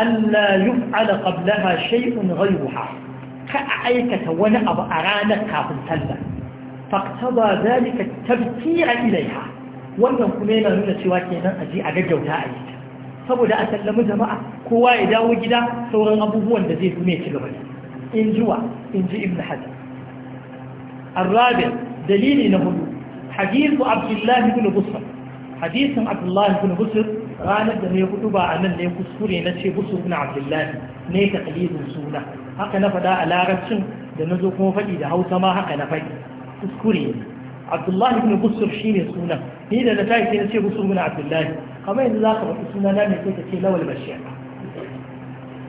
Allah yuf'ala qablaha shay'un ghayruha ka aikata wani abu a ranar kafin sallar faqtaba zalika a ilaiha wannan kuma yana nuna cewa kenan aji a gaggauta a yi saboda a sallami jama'a kowa ya dawo gida sauran abubuwan da zai zume ci gaba in jiwa in ji ibn hajar الرابع دليل له حديث عبد الله بن بصر hadisin abdullahi bin busur ranar da ne hudu ba a nan ne kuskure na ce busur na abdullahi ne ta kalilin suna haka na faɗa a larabcin da na zo kuma faɗi da hausa ma haka na faɗi kuskure ne. abdullahi bin busur shi ne sunan ni da na tashi na ce busur bin abdullahi kamar yanzu za ka faɗi suna na mai sai ka ce lawal bashir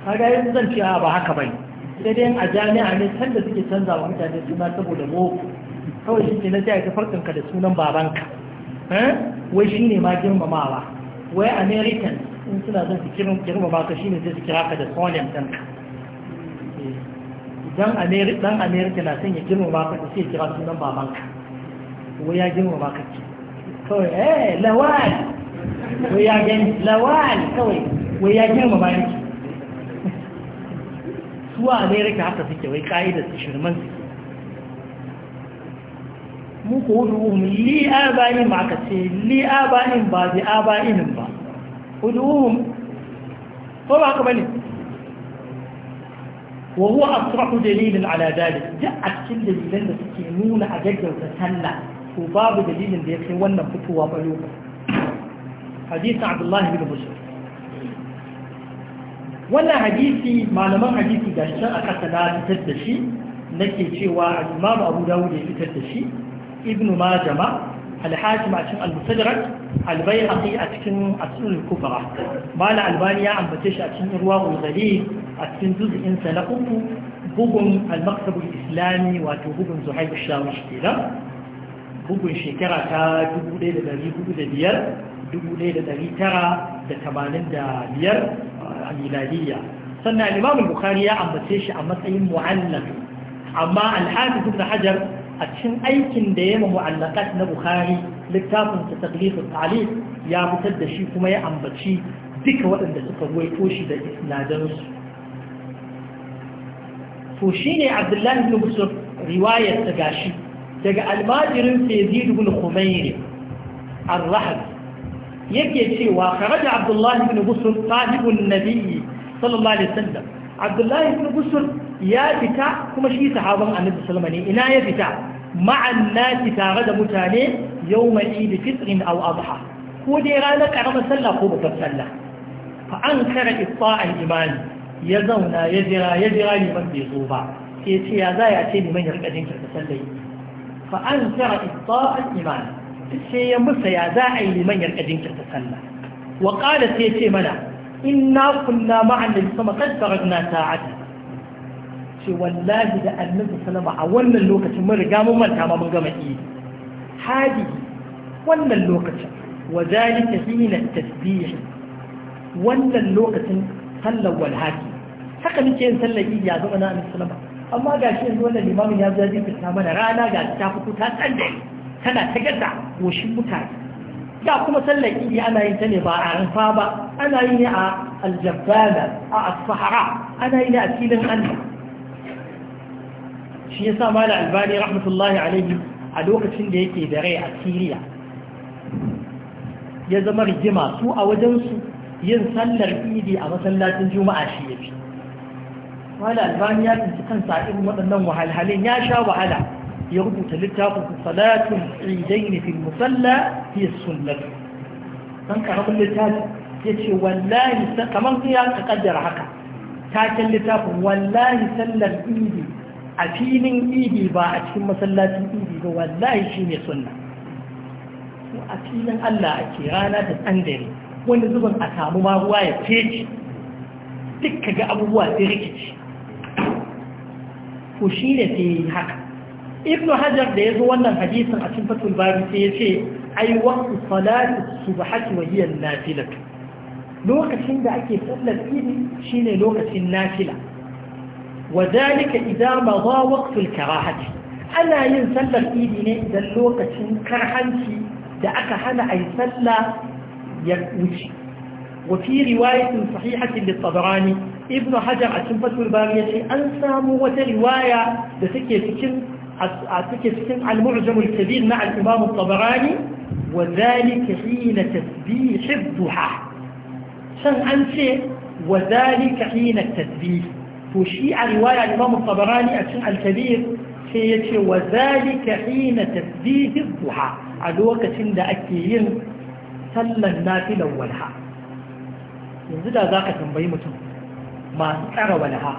kaga yanzu zan ce ba haka bane sai dai a jami'a ne can da suke canza wa mutane suna saboda boko kawai shi ke na ce ka farkanka da sunan babanka Eh? wai shi ne ma girmamawa wai american in suna zan su girmama ka shi ne zai su kira ka da sonem ɗanka eh. idan ɗan america na son ya girmama ka sai kira sunan babanka wai ya girmama ka ce kawai eh lawal wai ya gani lawal kawai wai ya girmama ni su a america haka suke wai ka'idar su shirman su mu ku huduhum li aba'in ma aka ce li aba'in ba bi aba'in ba huduhum ko ba ka bane wa huwa asrahu dalilin aladari dalik duk a cikin dalilan da suke nuna a gaggauta talla ko babu dalilin da ya kai wannan fitowa ba yau hadisi abdullahi bin bushr wannan hadisi malaman hadisi ga shi aka sana fitar da shi nake cewa imam abu dawud ya fitar da shi ابن ماجما الحاكم عشان المسدرج البيهقي عشان عشان الكفرة بالا البانيا عم بتش عشان الرواق الغريب عشان جزء إنسان أبو بوغن المكتب الإسلامي واتو بوغن زحيب الشاوش كده بوغن شكرة تا دبو ليلة داري بوغن ترى دا دا بير الميلادية آه، صنع الإمام البخاري عم بتش عم بتش معلق أما الحافظ ابن حجر a cikin aikin da ya mamu allakat na bukari littafin ta taglifin talib ya fitar da shi kuma ya ambaci duka waɗanda suka ruwaito shi da isnadansu to shi ne abdullahi ibn busur riwayar ta gashi daga almajirin sayyid ibn khumairi ar-rahab yake cewa kharaja abdullahi ibn busur sahibun nabi sallallahu alaihi wasallam abdullahi ibn busur ya fita kuma shi sahaban annabi sallama ne ina ya fita ma'an nasi tare da mutane yau mai idi fitrin au abha ko dai ranar karamar sallah ko babbar sallah fa an kara ifa'an imani ya zauna ya jira ya jira liman bai zo ba sai ce ya za ya ce liman ya rika jinkirta sallah fa an kara ifa'an imani sai ya musa ya za a yi liman ya rika jinkirta sallah wa qala sai ce mana inna kunna ma'an nabi sama qad faragna ta'ata ce wallahi da annabi salama a wannan lokacin mun riga mun manta mun gama idi hadi wannan lokacin wa zalika hina tasbih wannan lokacin sallar walhadi haka muke yin sallar idi ya zama na annabi sallama amma ga shi yanzu wannan limamin ya zaji fita mana rana ga ta fito ta tsanda tana ta gaza goshin mutane da kuma sallar idi ana yin ta ne ba a rufa ba ana yi ne a aljabbala a asfahara ana yi ne a filin allah shi sa mala albani rahmatullahi alaihi a lokacin da yake da rai a siriya ya zama rigima su a wajensu yin sallar idi a masallacin juma'a shi ya fi mala albani ya tsinci kan irin waɗannan wahalhalin ya sha wahala ya rubuta littafin salatun idaini fil musalla fi sunnah dan karamin littafi yace wallahi kamar ya kaddara haka taken littafin wallahi sallar idi a filin idi ba a cikin masallacin idi ba wallahi shi ne sunna a filin Allah ake rana da tsandare wanda zuban a samu ma ruwa ya fece duk ga abubuwa sai rikici ko shi ne sai yi haka ibn hajar da ya zo wannan hadisin a cikin fatul bari sai ya ce ai su ba subhati wa hiya nafilatu lokacin da ake sallar idi shine lokacin nafila وذلك إذا مضى وقت الكراهة أنا ينسل الإيدين إذا اللوقة كرحنتي دعك هنا أي سلة يكوشي وفي رواية صحيحة للطبراني ابن حجر أتنفة البارية أنسى وترواية رواية سكن أتكي سكن المعجم الكبير مع الإمام الطبراني وذلك حين تسبيح الضحى شن أنشي وذلك حين التسبيح to shi a riwaya imamu tabarani a cikin alkabir sai ya ce wa zalika hina tasbihi duha a lokacin da ake yin sallan nafilan walha yanzu da za ka tambayi mutum masu tsara walha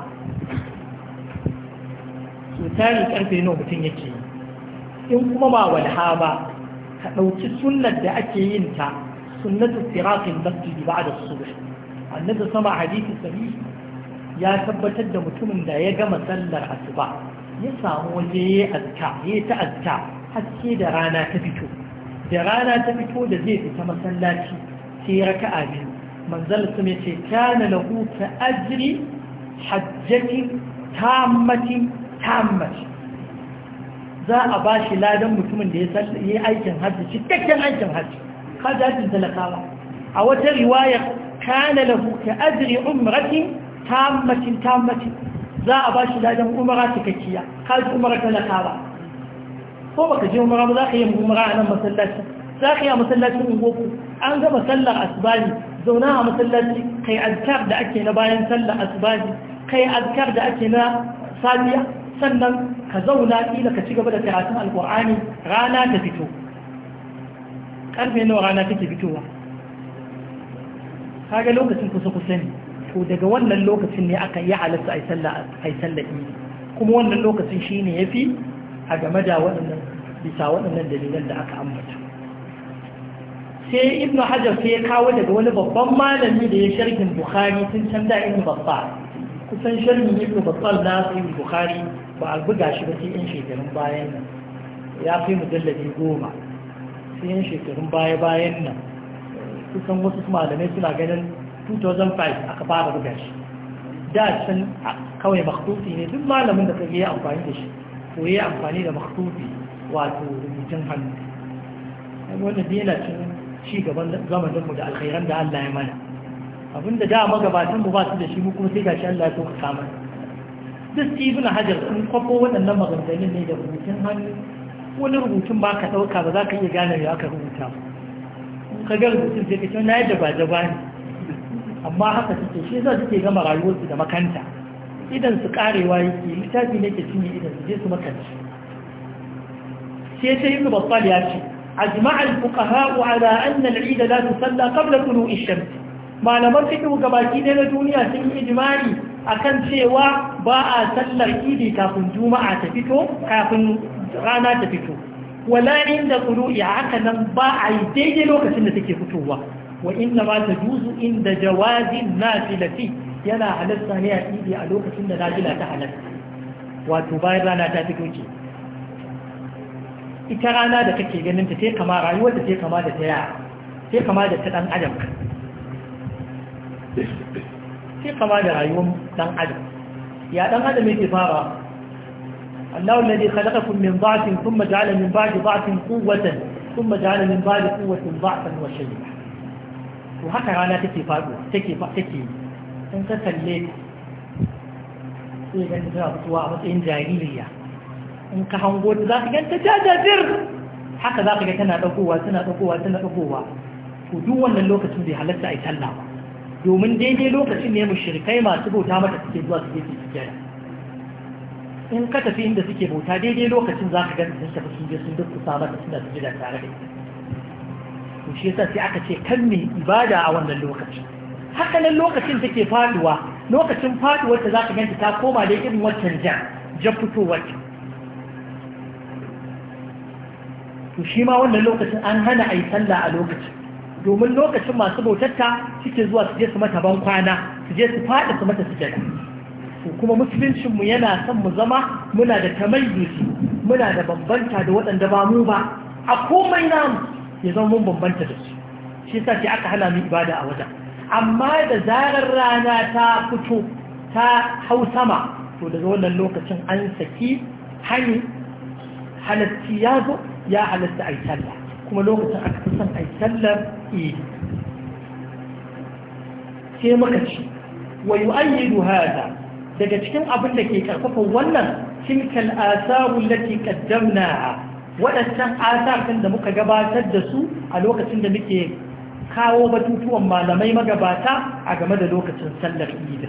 so tari karfe nawa mutum yake yi in kuma ba walha ba ka ɗauki sunan da ake yin ta sunan siratin masjidi ba da subh annabi sama hadisi sahihi ya tabbatar da mutumin da ya gama sallar asuba ya samu waje ya azka ya ta azka haske da rana ta fito da rana ta fito da zai fita masallaci sai raka'a biyu manzal sun ta kana lahu ka ajri hajjatin tammatin tammati za a ba shi ladan mutumin da ya yi aikin hajji cikakken aikin hajji hajjajin talakawa a wata riwayar kana lahu ka ajri umratin tammacin tammacin za a ba shi ladan umara cikakkiya ka ji talaka ba. ko baka je umara ba za ka yi umara a nan masallaci za ka yi a masallacin ungoku an gama sallar asibali zauna a masallaci kai azkar da ake na bayan sallar asibali kai azkar da ake na saniya sannan ka zauna kila ka ci gaba da karatun alkur'ani rana ta fito karfe nawa rana take fitowa Ka ga lokacin kusa kusa ne to daga wannan lokacin ne aka yi halatta a yi sallar kuma wannan lokacin shi ne ya fi a game da waɗannan bisa waɗannan dalilan da aka ambata sai ibn hajar sai ya kawo daga wani babban malami da ya sharhin bukhari tun can da ibn babba kusan sharhin ibn babba na yi bukhari ba a buga shi ba sai yan shekarun bayan nan ya fi mujallabi goma sai yan shekarun baya bayan nan kusan wasu malamai suna ganin 2005 aka fara buga shi da can kawai makhtufi ne duk malamin da kage ya amfani da shi ko ya amfani da makhtufi wato rubutun hannu wanda da yana cin ci gaban zamaninmu da alkhairan da Allah ya mana abinda da magabatan mu ba su da shi mu kuma sai gashi Allah ya so ka kama duk ibn hajar sun kwafo waɗannan maganganun ne da rubutun hannu wani rubutun ba ka ɗauka ba za ka iya gane me aka rubuta ka ga rubutun sai ka ce na yadda ba jaba ne amma haka suke shi za suke gama rayuwarsu da makanta idan su karewa yake littafi ne ke cinye idan su je su makanta sai sai ibn battal ya ce ajma'a al-fuqaha ala anna al-eid za su qabla kabla ash-shams malaman fiqh gabaki ɗaya na duniya sun yi a kan cewa ba a sallar idi kafin juma'a ta fito kafin rana ta fito wala inda ya haka nan ba a yi daidai lokacin da take fitowa وإنما تجوز عند جواز نازلة يلا على الثانية إيدي ألوك سنة نازلة تحلت وتباير لنا تاتي كوتي إترى أنا دا تكي جنن تتي كما رأيوة تتي كما دا تياع تتي كما دا تتان عجم تتي كما دا رأيوة تتان عجم يا أدم هذا من إفارة الله الذي خلقكم من ضعف ثم جعل من بعد ضعف قوة ثم جعل من بعد قوة ضعفا وشيئا to haka rana take faɗo take take in ka kalle sai ga tana fitowa a matsayin jaririya in ka hango ta za ka ganta dir haka za ka ga tana ɗagowa tana ɗagowa tana ɗagowa to duk wannan lokacin bai halatta a yi talla ba domin daidai lokacin ne mushrikai masu bauta mata suke zuwa su je su sujjada in ka tafi inda suke bauta daidai lokacin za ka ganta sun tafi sun je sun samar da suna jira tare da ita to shi yasa sai aka ce kan mai ibada a wannan lokacin haka nan lokacin take faduwa lokacin faduwar ta zaka ganta ta koma da irin wancan jan, ja fitowar to shi ma wannan lokacin an hana ayi sallah a lokacin domin lokacin masu bautatta suke zuwa su je su mata ban kwana su je su fada su mata sujada to kuma mu yana son mu zama muna da tamayyuzi muna da bambanta da waɗanda ba mu ba a komai namu ya zama mun bambanta da su shi sa ce aka hana mu ibada a wajen amma da zarar rana ta fito ta hau sama to daga wannan lokacin an saki hani halatti ya zo ya halatta a yi sallah kuma lokacin aka fi son a yi sallar idi sai muka ci wa yi ayyidu daga cikin abin da ke karfafa wannan tilkal asabu lati qaddamnaha waɗancan asakan da muka gabatar da su a lokacin da muke kawo batutuwan malamai magabata a game da lokacin sallar idi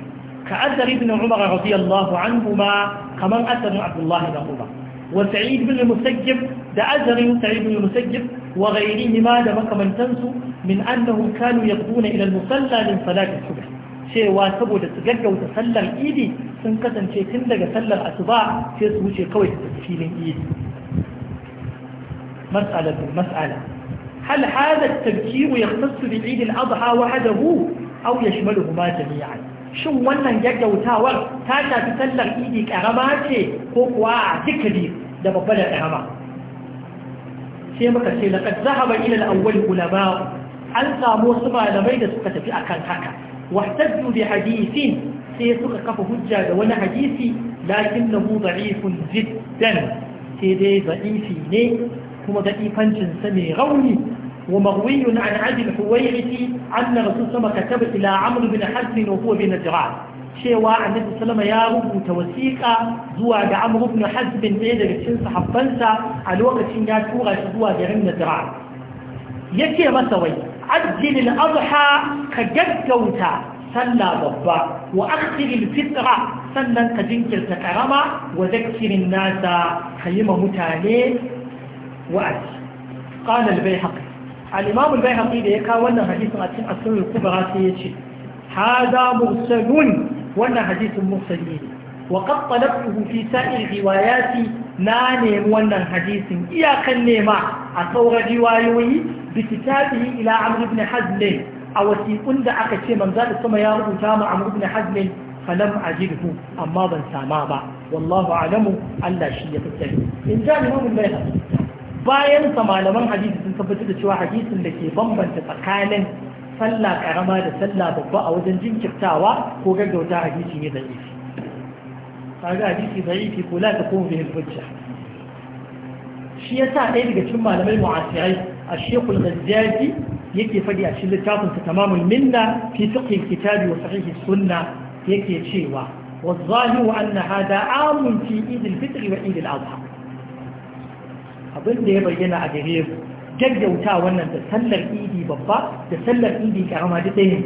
ka azar ibn umar radiyallahu anhu ma kaman asarin abdullahi da umar wa sa'id ibn musajjib da azarin sa'id ibn musajjib wa da makamantansu min annahum kanu yaqduna ila al-musalla lin salati subh cewa saboda su gaggauta sallar idi sun kasance tun daga sallar asuba sai su wuce kawai su filin idi مسألة مسألة هل هذا التذكير يختص بعيد الأضحى وحده أو يشملهما جميعا shin wannan gaggautawar ta shafi sallar idi karama ce ko kuwa a zikiri da babba da karama sai muka ce laqad zahaba ila al-awwal ulama an samu wasu malamai da suka tafi akan haka wahtajju bi hadithin sai suka kafa hujja da wani hadisi lakin lakinnahu da'ifun jiddan sai dai da'ifi ne kuma da ifancin mai rauni wa marwiyu na al'adi al-huwayriti anna rasul sama kataba ila amr bin hasan wa huwa bin cewa annabi salama ya rubuta wasiƙa zuwa ga amr bin hasan ɗaya daga cikin sahabbansa a lokacin ya tura shi zuwa garin ya yace masa wai ajjil al ka gaggauta sallah babba wa akhiril fitra sannan ka jinkirta karama wa zakirin nasa ka yi ma mutane wa'azi qala al-bayhaqi al al da ya kawo wannan hadisin a cikin as kubara sai ya ce hada mursalun wannan hadisin mursali ne wa qad talabtuhu fi sa'ir riwayati na nemi wannan hadisin iyakan nema a sauran riwayoyi bi kitabihi ila amr ibn hazm a wasiƙun da aka ce manzo sama ya rubuta ma amr ibn hazm falam ajidhu amma ban sama ba wallahu a'lamu Allah shi ya fitar in ja ni mun bai bayan sa malaman hadisi sun tabbatar da cewa hadisin da ke bambanta tsakanin sallah karama da sallah babba a wajen jinkirtawa ko gaggauta hadisi ne da ifi kaga hadisi da ko la takun bihi hujja shi yasa ɗaya daga cikin malamai mu'asirai a shekul gazzaji yake faɗi a cikin littafin sa tamamul minna fi fiqh kitabi wa sahih sunna yake cewa والظاهر أن amun fi في fitri wa وعيد الأضحى abin da ya bayyana a gare mu gaggauta wannan da sallar idi babba da sallar idi karama duk ɗaya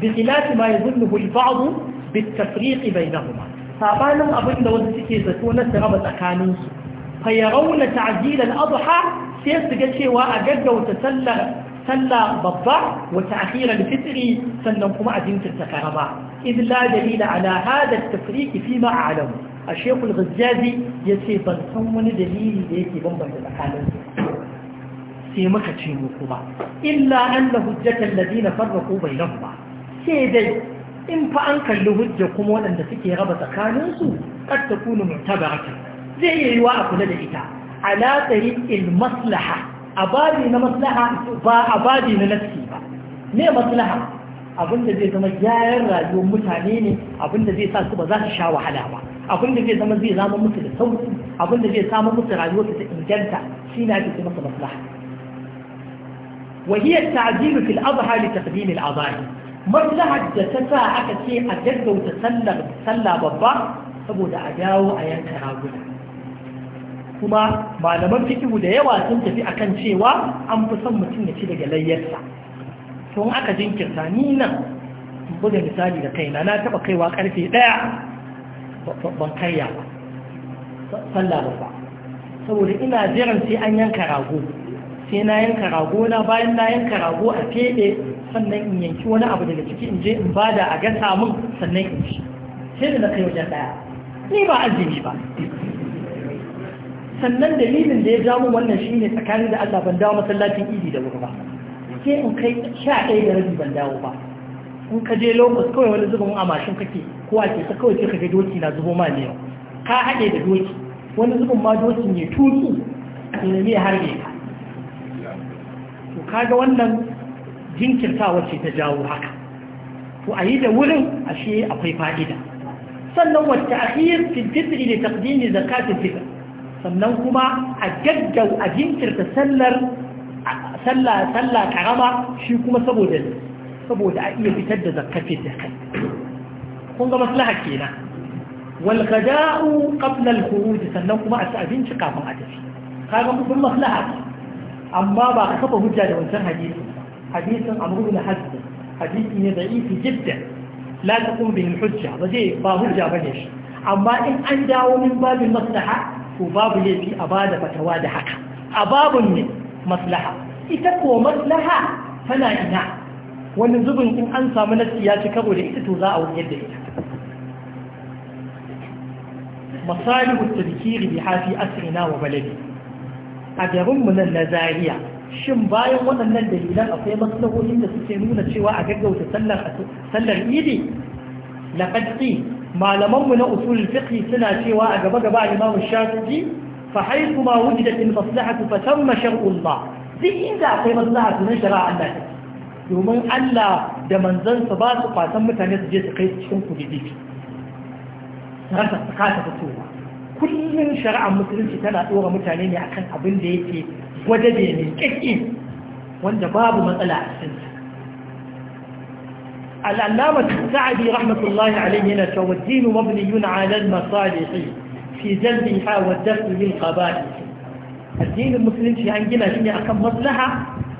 bi khilafi ma yadhunnu al-ba'd bi at-tafriq bainahuma sabanin abin da wasu suke zato na su raba tsakanin su fa yarawna ta'jil al-adha sai su ga cewa a gaggauta sallar sallah babba wa ta'khir al-fitr sannan kuma a jinkirta karama idh la dalila ala hadha at-tafriq fi ma a'lamu a shekul ghazzazi ya ce ban san wani dalili da yake bambanta tsakanin sai muka ce mu kuma illa anna hujjatal ladina farraqu ba. sai dai in fa an kalli hujja kuma waɗanda suke raba tsakanin su kad takunu mutabarata zai yi wa a kula da ita ala tariqil maslaha abadi na maslaha ba abadi na nafsi ba me maslaha abin da zai zama gyaran rayuwar mutane ne abin da zai sa su ba za su sha wahala ba abin da zai zama zai zama musu da sauki abin da zai samu musu rayuwarsu ta inganta shi ne ake masa maslaha وهي التعذيب في الأضحى لتقديم الأضاحي maslahar da ta sa aka ce a gaggauta sallar sallah babba saboda a dawo a yanka raguna kuma malaman fikihu da yawa sun tafi akan cewa an fi son mutum ya ci daga layyarsa tun aka jinkirta ni nan buga misali da kaina na taba kaiwa karfe daya ban karya ba sallah ba ba saboda ina jiran sai an yanka rago sai na yanka rago na bayan na yanka rago a fede sannan in yanki wani abu daga ciki in je in bada a gasa min sannan in ci sai da na kai wajen daya ni ba azumi ba sannan dalilin da ya jamu wannan shine tsakanin da Allah ban dawo masallacin idi da wuri ba sai in kai sha ɗaya da rabi ban dawo ba in ka je lokacin kawai wani zubin a mashin kake kowa ke ta kawai sai ka ga doki na zubo ma ne ka haɗe da doki wani zubin ma doki ne tuki a ne har ne ka to kaga wannan jinkirtawa ce ta jawo haka to a yi da wurin ashe akwai fa'ida sannan wacce akhir fil fitri da taqdim da al fitr sannan kuma a gaggau a jinkirta sallar sallah sallah karama shi kuma saboda saboda a iya fitar da zakafin da kai kun ga maslaha kenan wal ghada'u qabla al khuruj sannan kuma a ci abinci kafin a tafi kaga mutum maslaha amma ba ka kafa hujja da wancan hadisi hadisin amru bin hadd hadisi ne da'ifi jiddan la taqum bihi hujja ba zai ba hujja bane shi amma in an dawo min babin maslaha to babu laifi a bada fatawa da haka a babun ne maslaha ita ko maslaha tana ina wani zubin in an samu nasi ya ci karo da ita to za a wuyar da ita masalihu tadkiri bi hafi asrina wa baladi a garin mu nan na Zariya, shin bayan waɗannan dalilan akwai maslahohin da suke nuna cewa a gaggauta sallar sallar idi laqad qi malaman mu na usul fiqh suna cewa a gaba gaba imamu shafi'i فحيث ما وجدت المصلحة فتم شرع الله duk inda akwai maslaha sunan shari'a Allah ta domin Allah da manzansa ba su kwasan mutane su je su kai cikin kudidi rasa ta kasa fitowa kullum shari'ar musulunci tana dora mutane ne akan abin da yake gwada da ne ƙaƙƙi wanda babu matsala a cikin al'allama sa'adi rahmatullahi alaihi yana cewa dinu mabniyun ala al-masalihin fi zalbiha wa dafi min qaba'ih addinin musulunci an gina shi ne akan maslaha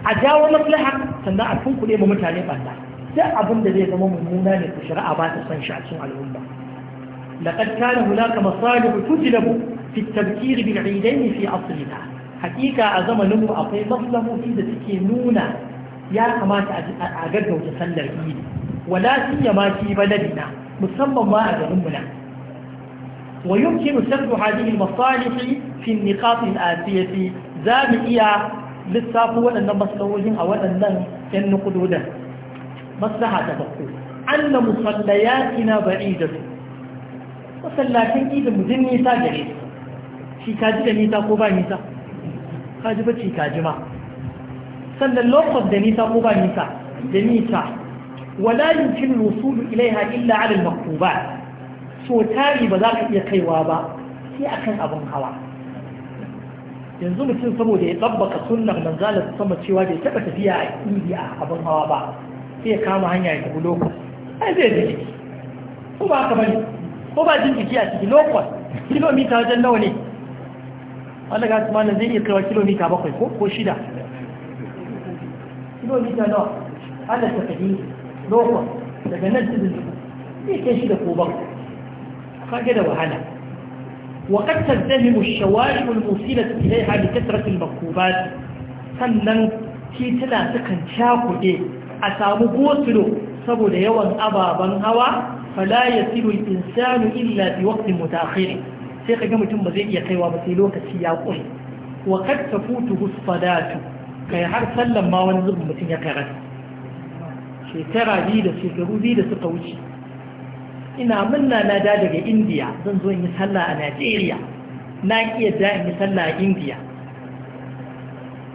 a jawo maslaha sannan a kunkule ma mutane banda duk abin da zai zama mummuna ne ku shari'a ba ta san shi a cikin al'umma laqad kana hunaka masalih tujlabu fi at-tadhkir bil 'idayn fi asliha hakika a zamaninmu akwai maslahohi da suke nuna ya kamata a gaggauta sallar idi wala siyama fi baladina musamman ma a garin mu nan ويمكن سرد هذه المصالح في النقاط الآتية زامئية للسافو أن مصلوهم أو أن أن قدودا مصلحة تقول أن مصلياتنا بعيدة masallacin idin mu din nisa gare shi kaji da nisa ko ba nisa kaji ba ci kaji ma sannan lokacin da nisa ko ba nisa da nisa wala ilaiha illa ala so tari ba za ka iya kaiwa ba sai akan abin hawa yanzu mutum saboda ya tsabbaka nan manzala su sama cewa bai taɓa tafiya a idi a abin hawa ba sai ya kama hanya ya tafi lokwa ai zai zai jiki ko ba ka bari? ko ba jin jiki a ciki lokwa kilomita wajen nawa ne wanda ga tsamanin zai iya kaiwa kilomita bakwai ko shida kilomita nawa ana tafi lokos daga nan tudun zai kai shida ko bakwai kage da wahala وقد تلتهم الشوارع الموصلة إليها لكثرة المركوبات sannan tana sukan cakuɗe a samu gosulo saboda yawan ababen hawa fala ya siru insanu illa bi waqtin mutaakhir sai kaga mutum ba zai iya kaiwa ba sai lokaci ya ƙure wa kad tafutu husfadatu kai har sallan ma wani zubin mutum ya karanta biyu da shekaru biyu da suka wuce ina minna na da daga indiya zan zo in yi sallah a najeriya na iya da in yi sallah a indiya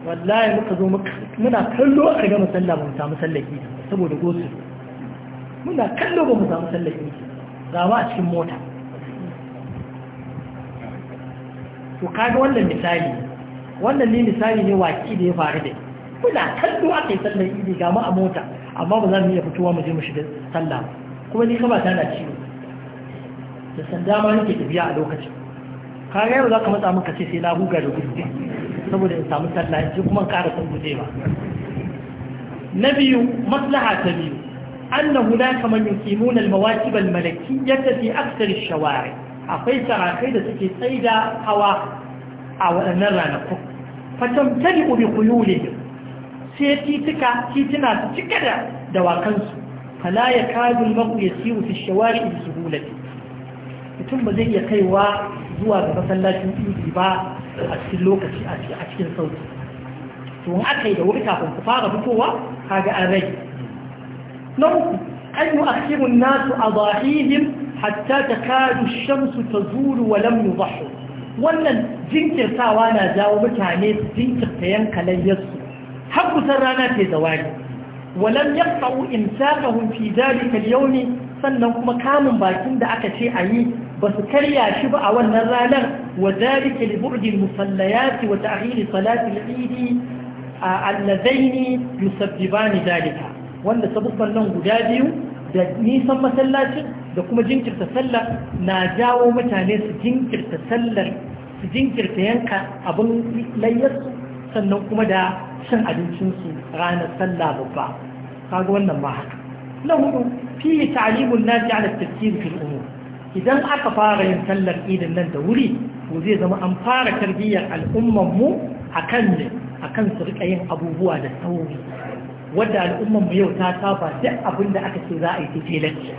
wallahi muka zo muna kallo a ga musalla ba mu samu sallaki saboda gosu muna kallo ba mu samu sallaki ga ba a cikin mota to kaga wannan misali wannan ne misali ne waki da ya faru da muna kallo aka yi sallaki idi ga ma a mota amma ba za mu iya fitowa mu je mu shiga sallah ba kuma ni kaba tana ciwo da sanda ma nake tafiya a lokacin kaga yau za ka matsa maka ce sai na buga da gudu saboda in samu sallah in kuma ƙara san guje ba na biyu maslaha ta biyu annahu la kaman yuqimuna al-mawaqib al-malakiyyah fi akthar ash-shawari akwai sarakai da suke tsaida hawa a waɗannan ranakun fatan tadi bi khuyulihim sai titika titina su cika da dawakansu فلا يكاد المرء يسير في الشوارع بسهولة mutum ba zai iya kaiwa zuwa ga masallacin idi ba a cikin lokaci a cikin sauki to in aka yi da wuri kafin ku fara fitowa kaga an rai na uku an yi akirun nasu a zahihim hatta ta kadu shamsu ta zuru wa lam yudhahhu wannan jinkirtawa na jawo mutane su jinkirta yankalan layyarsu har kusan rana ta zawani. walam yaqta'u imsakahum fi dhalika al-yawm sannan kuma kamun bakin da aka ce ayi ba su karya shi ba a wannan ranar wa dhalika li bu'di al-musallayat wa ta'khir salati al-eid alladaini yusabbibani dhalika wanda sabubban nan guda biyu da nisan masallacin da kuma jinkirta sallah na jawo mutane su jinkirta yanka abin layyarsu sannan kuma da shan abincinsu ranar sallah babba kaga wannan ma haka na hudu fi ta'limun nasi ala tafsir fil umur idan aka fara yin sallar idon nan da wuri to zai zama an fara tarbiyyar al'umman mu akan ne akan su rika yin abubuwa da sauri wadda al'umman mu yau ta saba duk abin da aka ce za a yi tafelanci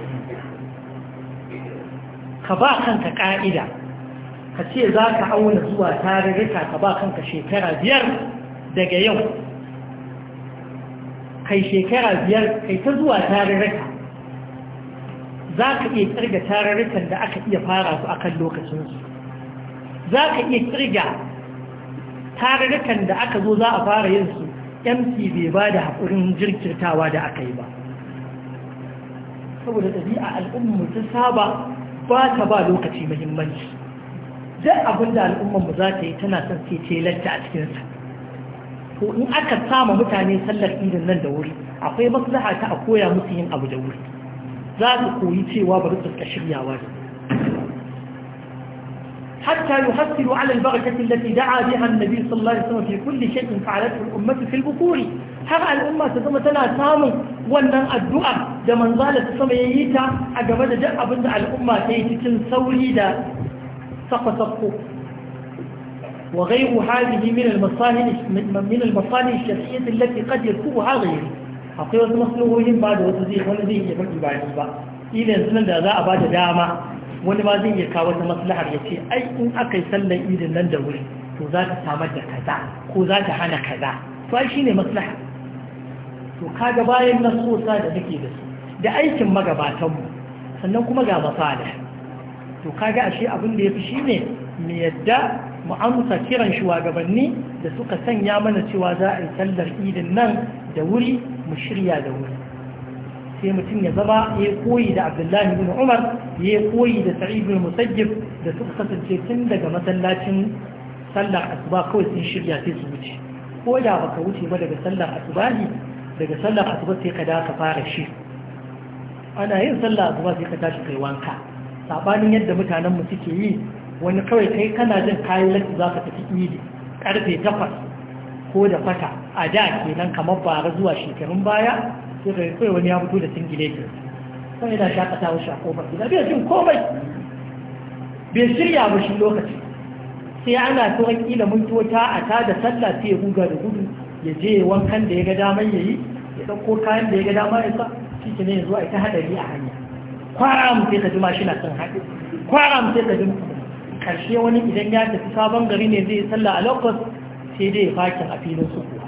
ka ba kanka ka'ida ka ce za ka auna zuwa tarurruka ka ba kanka shekara biyar daga yau kai shekara biyar kai ta zuwa tarurruka za ka iya kirga tarurrukan da aka iya fara su a kan lokacinsu za ka iya kirga tarurrukan da aka zo za a fara yin su mc bai ba da haƙurin jirkirtawa da aka yi ba saboda ɗabi'a al'ummu ta saba ba ta ba lokaci muhimmanci duk abin da al'ummar mu za ta yi tana son sai ce lacca a cikinsa to in aka sama mutane sallar idin nan da wuri akwai maslaha ta a koya musu yin abu da wuri za su koyi cewa bari su ka shiryawa ne حتى يحصل على البركة التي دعا بها النبي صلى الله عليه وسلم في كل شيء فعلته الأمة في البكور har al'umma ta zama tana samun wannan addu'a da manzala ta sama ya yi ta a gaba da duk abin da al'umma ta yi cikin sauri da صفصفه وغير هذه من المصالح من المصالح الشرعية التي قد يكتبها غيره أقول مصلوهم بعد وتزيح والذي يفكر بعد إذا ذا أباد داما maslahar ya ce ai in aka yi sallar idin nan da wuri to za ta samar da kaza ko za ta hana kaza to ai to bayan nasosa da nake da su da aikin magabatanmu sannan kuma ga masalih to kaga ashe abin da ya fi shi ne mu yadda mu amsa kiran shugabanni da suka sanya mana cewa za a yi sallar idin nan da wuri mu shirya da wuri sai mutum ya zama ya koyi da abdullahi bin umar ya koyi da sa'id bin musajjib da suka kasance tun daga masallacin sallar asuba kawai sun shirya sai su wuce ko da baka wuce ba daga sallar asuba ne daga sallar asuba sai ka da ka fara shi ana yin sallar asuba sai ka tashi kai wanka sabanin yadda mutanen mu suke yi wani kawai kai kana jin kayi lati za ka tafi idi ƙarfe, takwas ko da fata a da nan kamar bara zuwa shekarun baya sai ka kai wani ya fito da singileti sai yana shakatawa shi a kofar gida bai jin komai bai shirya ba shi lokaci sai ana turan kila mintuwa ta a ta da sallah sai ya guga da gudu ya je wankan da ya ga damar ya yi ya ɗauko kayan da ya ga damar ya sa shi ne ya zuwa ita hadari a hanya kwaram sai ka ji mashina sun haɗu kwaram sai ka ji karshe wani idan ya tafi sabon gari ne zai sallah a lokos sai dai fakin a filin su kuwa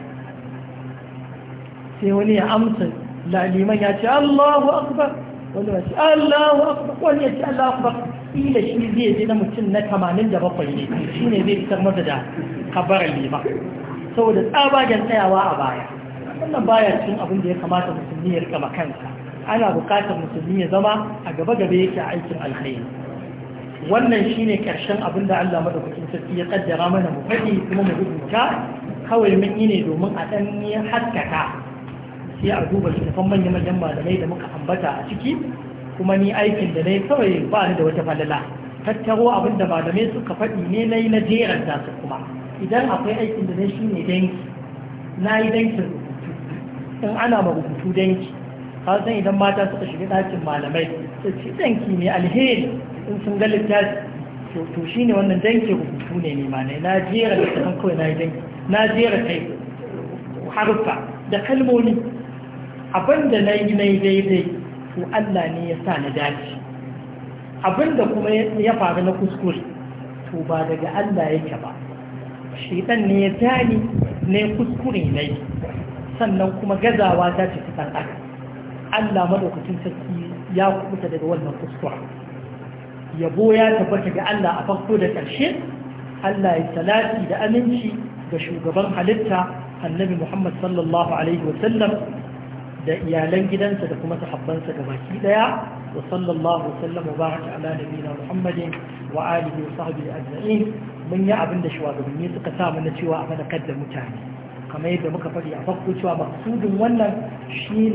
sai wani ya amsa laliman ya ce Allahu akbar wani ya ce Allahu akbar wani ya ce Allahu akbar kila shi zai je na mutum na tamanin da bakwai ne shi ne zai fitar masa da kabarar lima saboda tsabagen tsayawa a baya wannan baya cikin abin da ya kamata mutum ya rika makansa ana bukatar musulmi ya zama a gaba gaba yake aikin alkhairi wannan shine karshen abin da Allah madaukakin sarki ya kaddara mana mu faɗi kuma mu rubuta kawai mun yi ne domin a ɗan haskaka sai a duba littafan manyan manyan malamai da muka ambata a ciki kuma ni aikin da nayi kawai ba ni da wata falala tattaro abin da malamai suka faɗi ne na yi na jeran da su kuma idan akwai aikin da nayi shine danki na yi dankin rubutu in ana ma rubutu danki ka san idan mata suka shiga ɗakin malamai su ci danki ne alheri in sun ga littafi to shi ne wannan danki rubutu ne ne ma na jera da kan kawai na danki na jera kai haruffa da kalmomi abinda na yi na daidai to Allah ne ya sa na dace abinda kuma ya faru na kuskure to ba daga Allah yake ba shaitan ne ya tani ne kuskure na yi sannan kuma gazawa ta ce ta ɗan Allah madaukakin sarki ya kubuta daga wannan kuskura yabo ya tabbata ga Allah a farko da ƙarshe Allah ya salati da aminci ga shugaban halitta annabi Muhammad sallallahu alaihi da iyalan gidansa da kuma sahabbansa ga baki daya wa sallallahu wasallam wa baraka ala nabiyina Muhammadin wa alihi wa sahbihi ajma'in mun yi abin da shugabanni suka sa mana cewa a mana kadda mutane kamar yadda muka faɗi a farko cewa maksudin wannan shi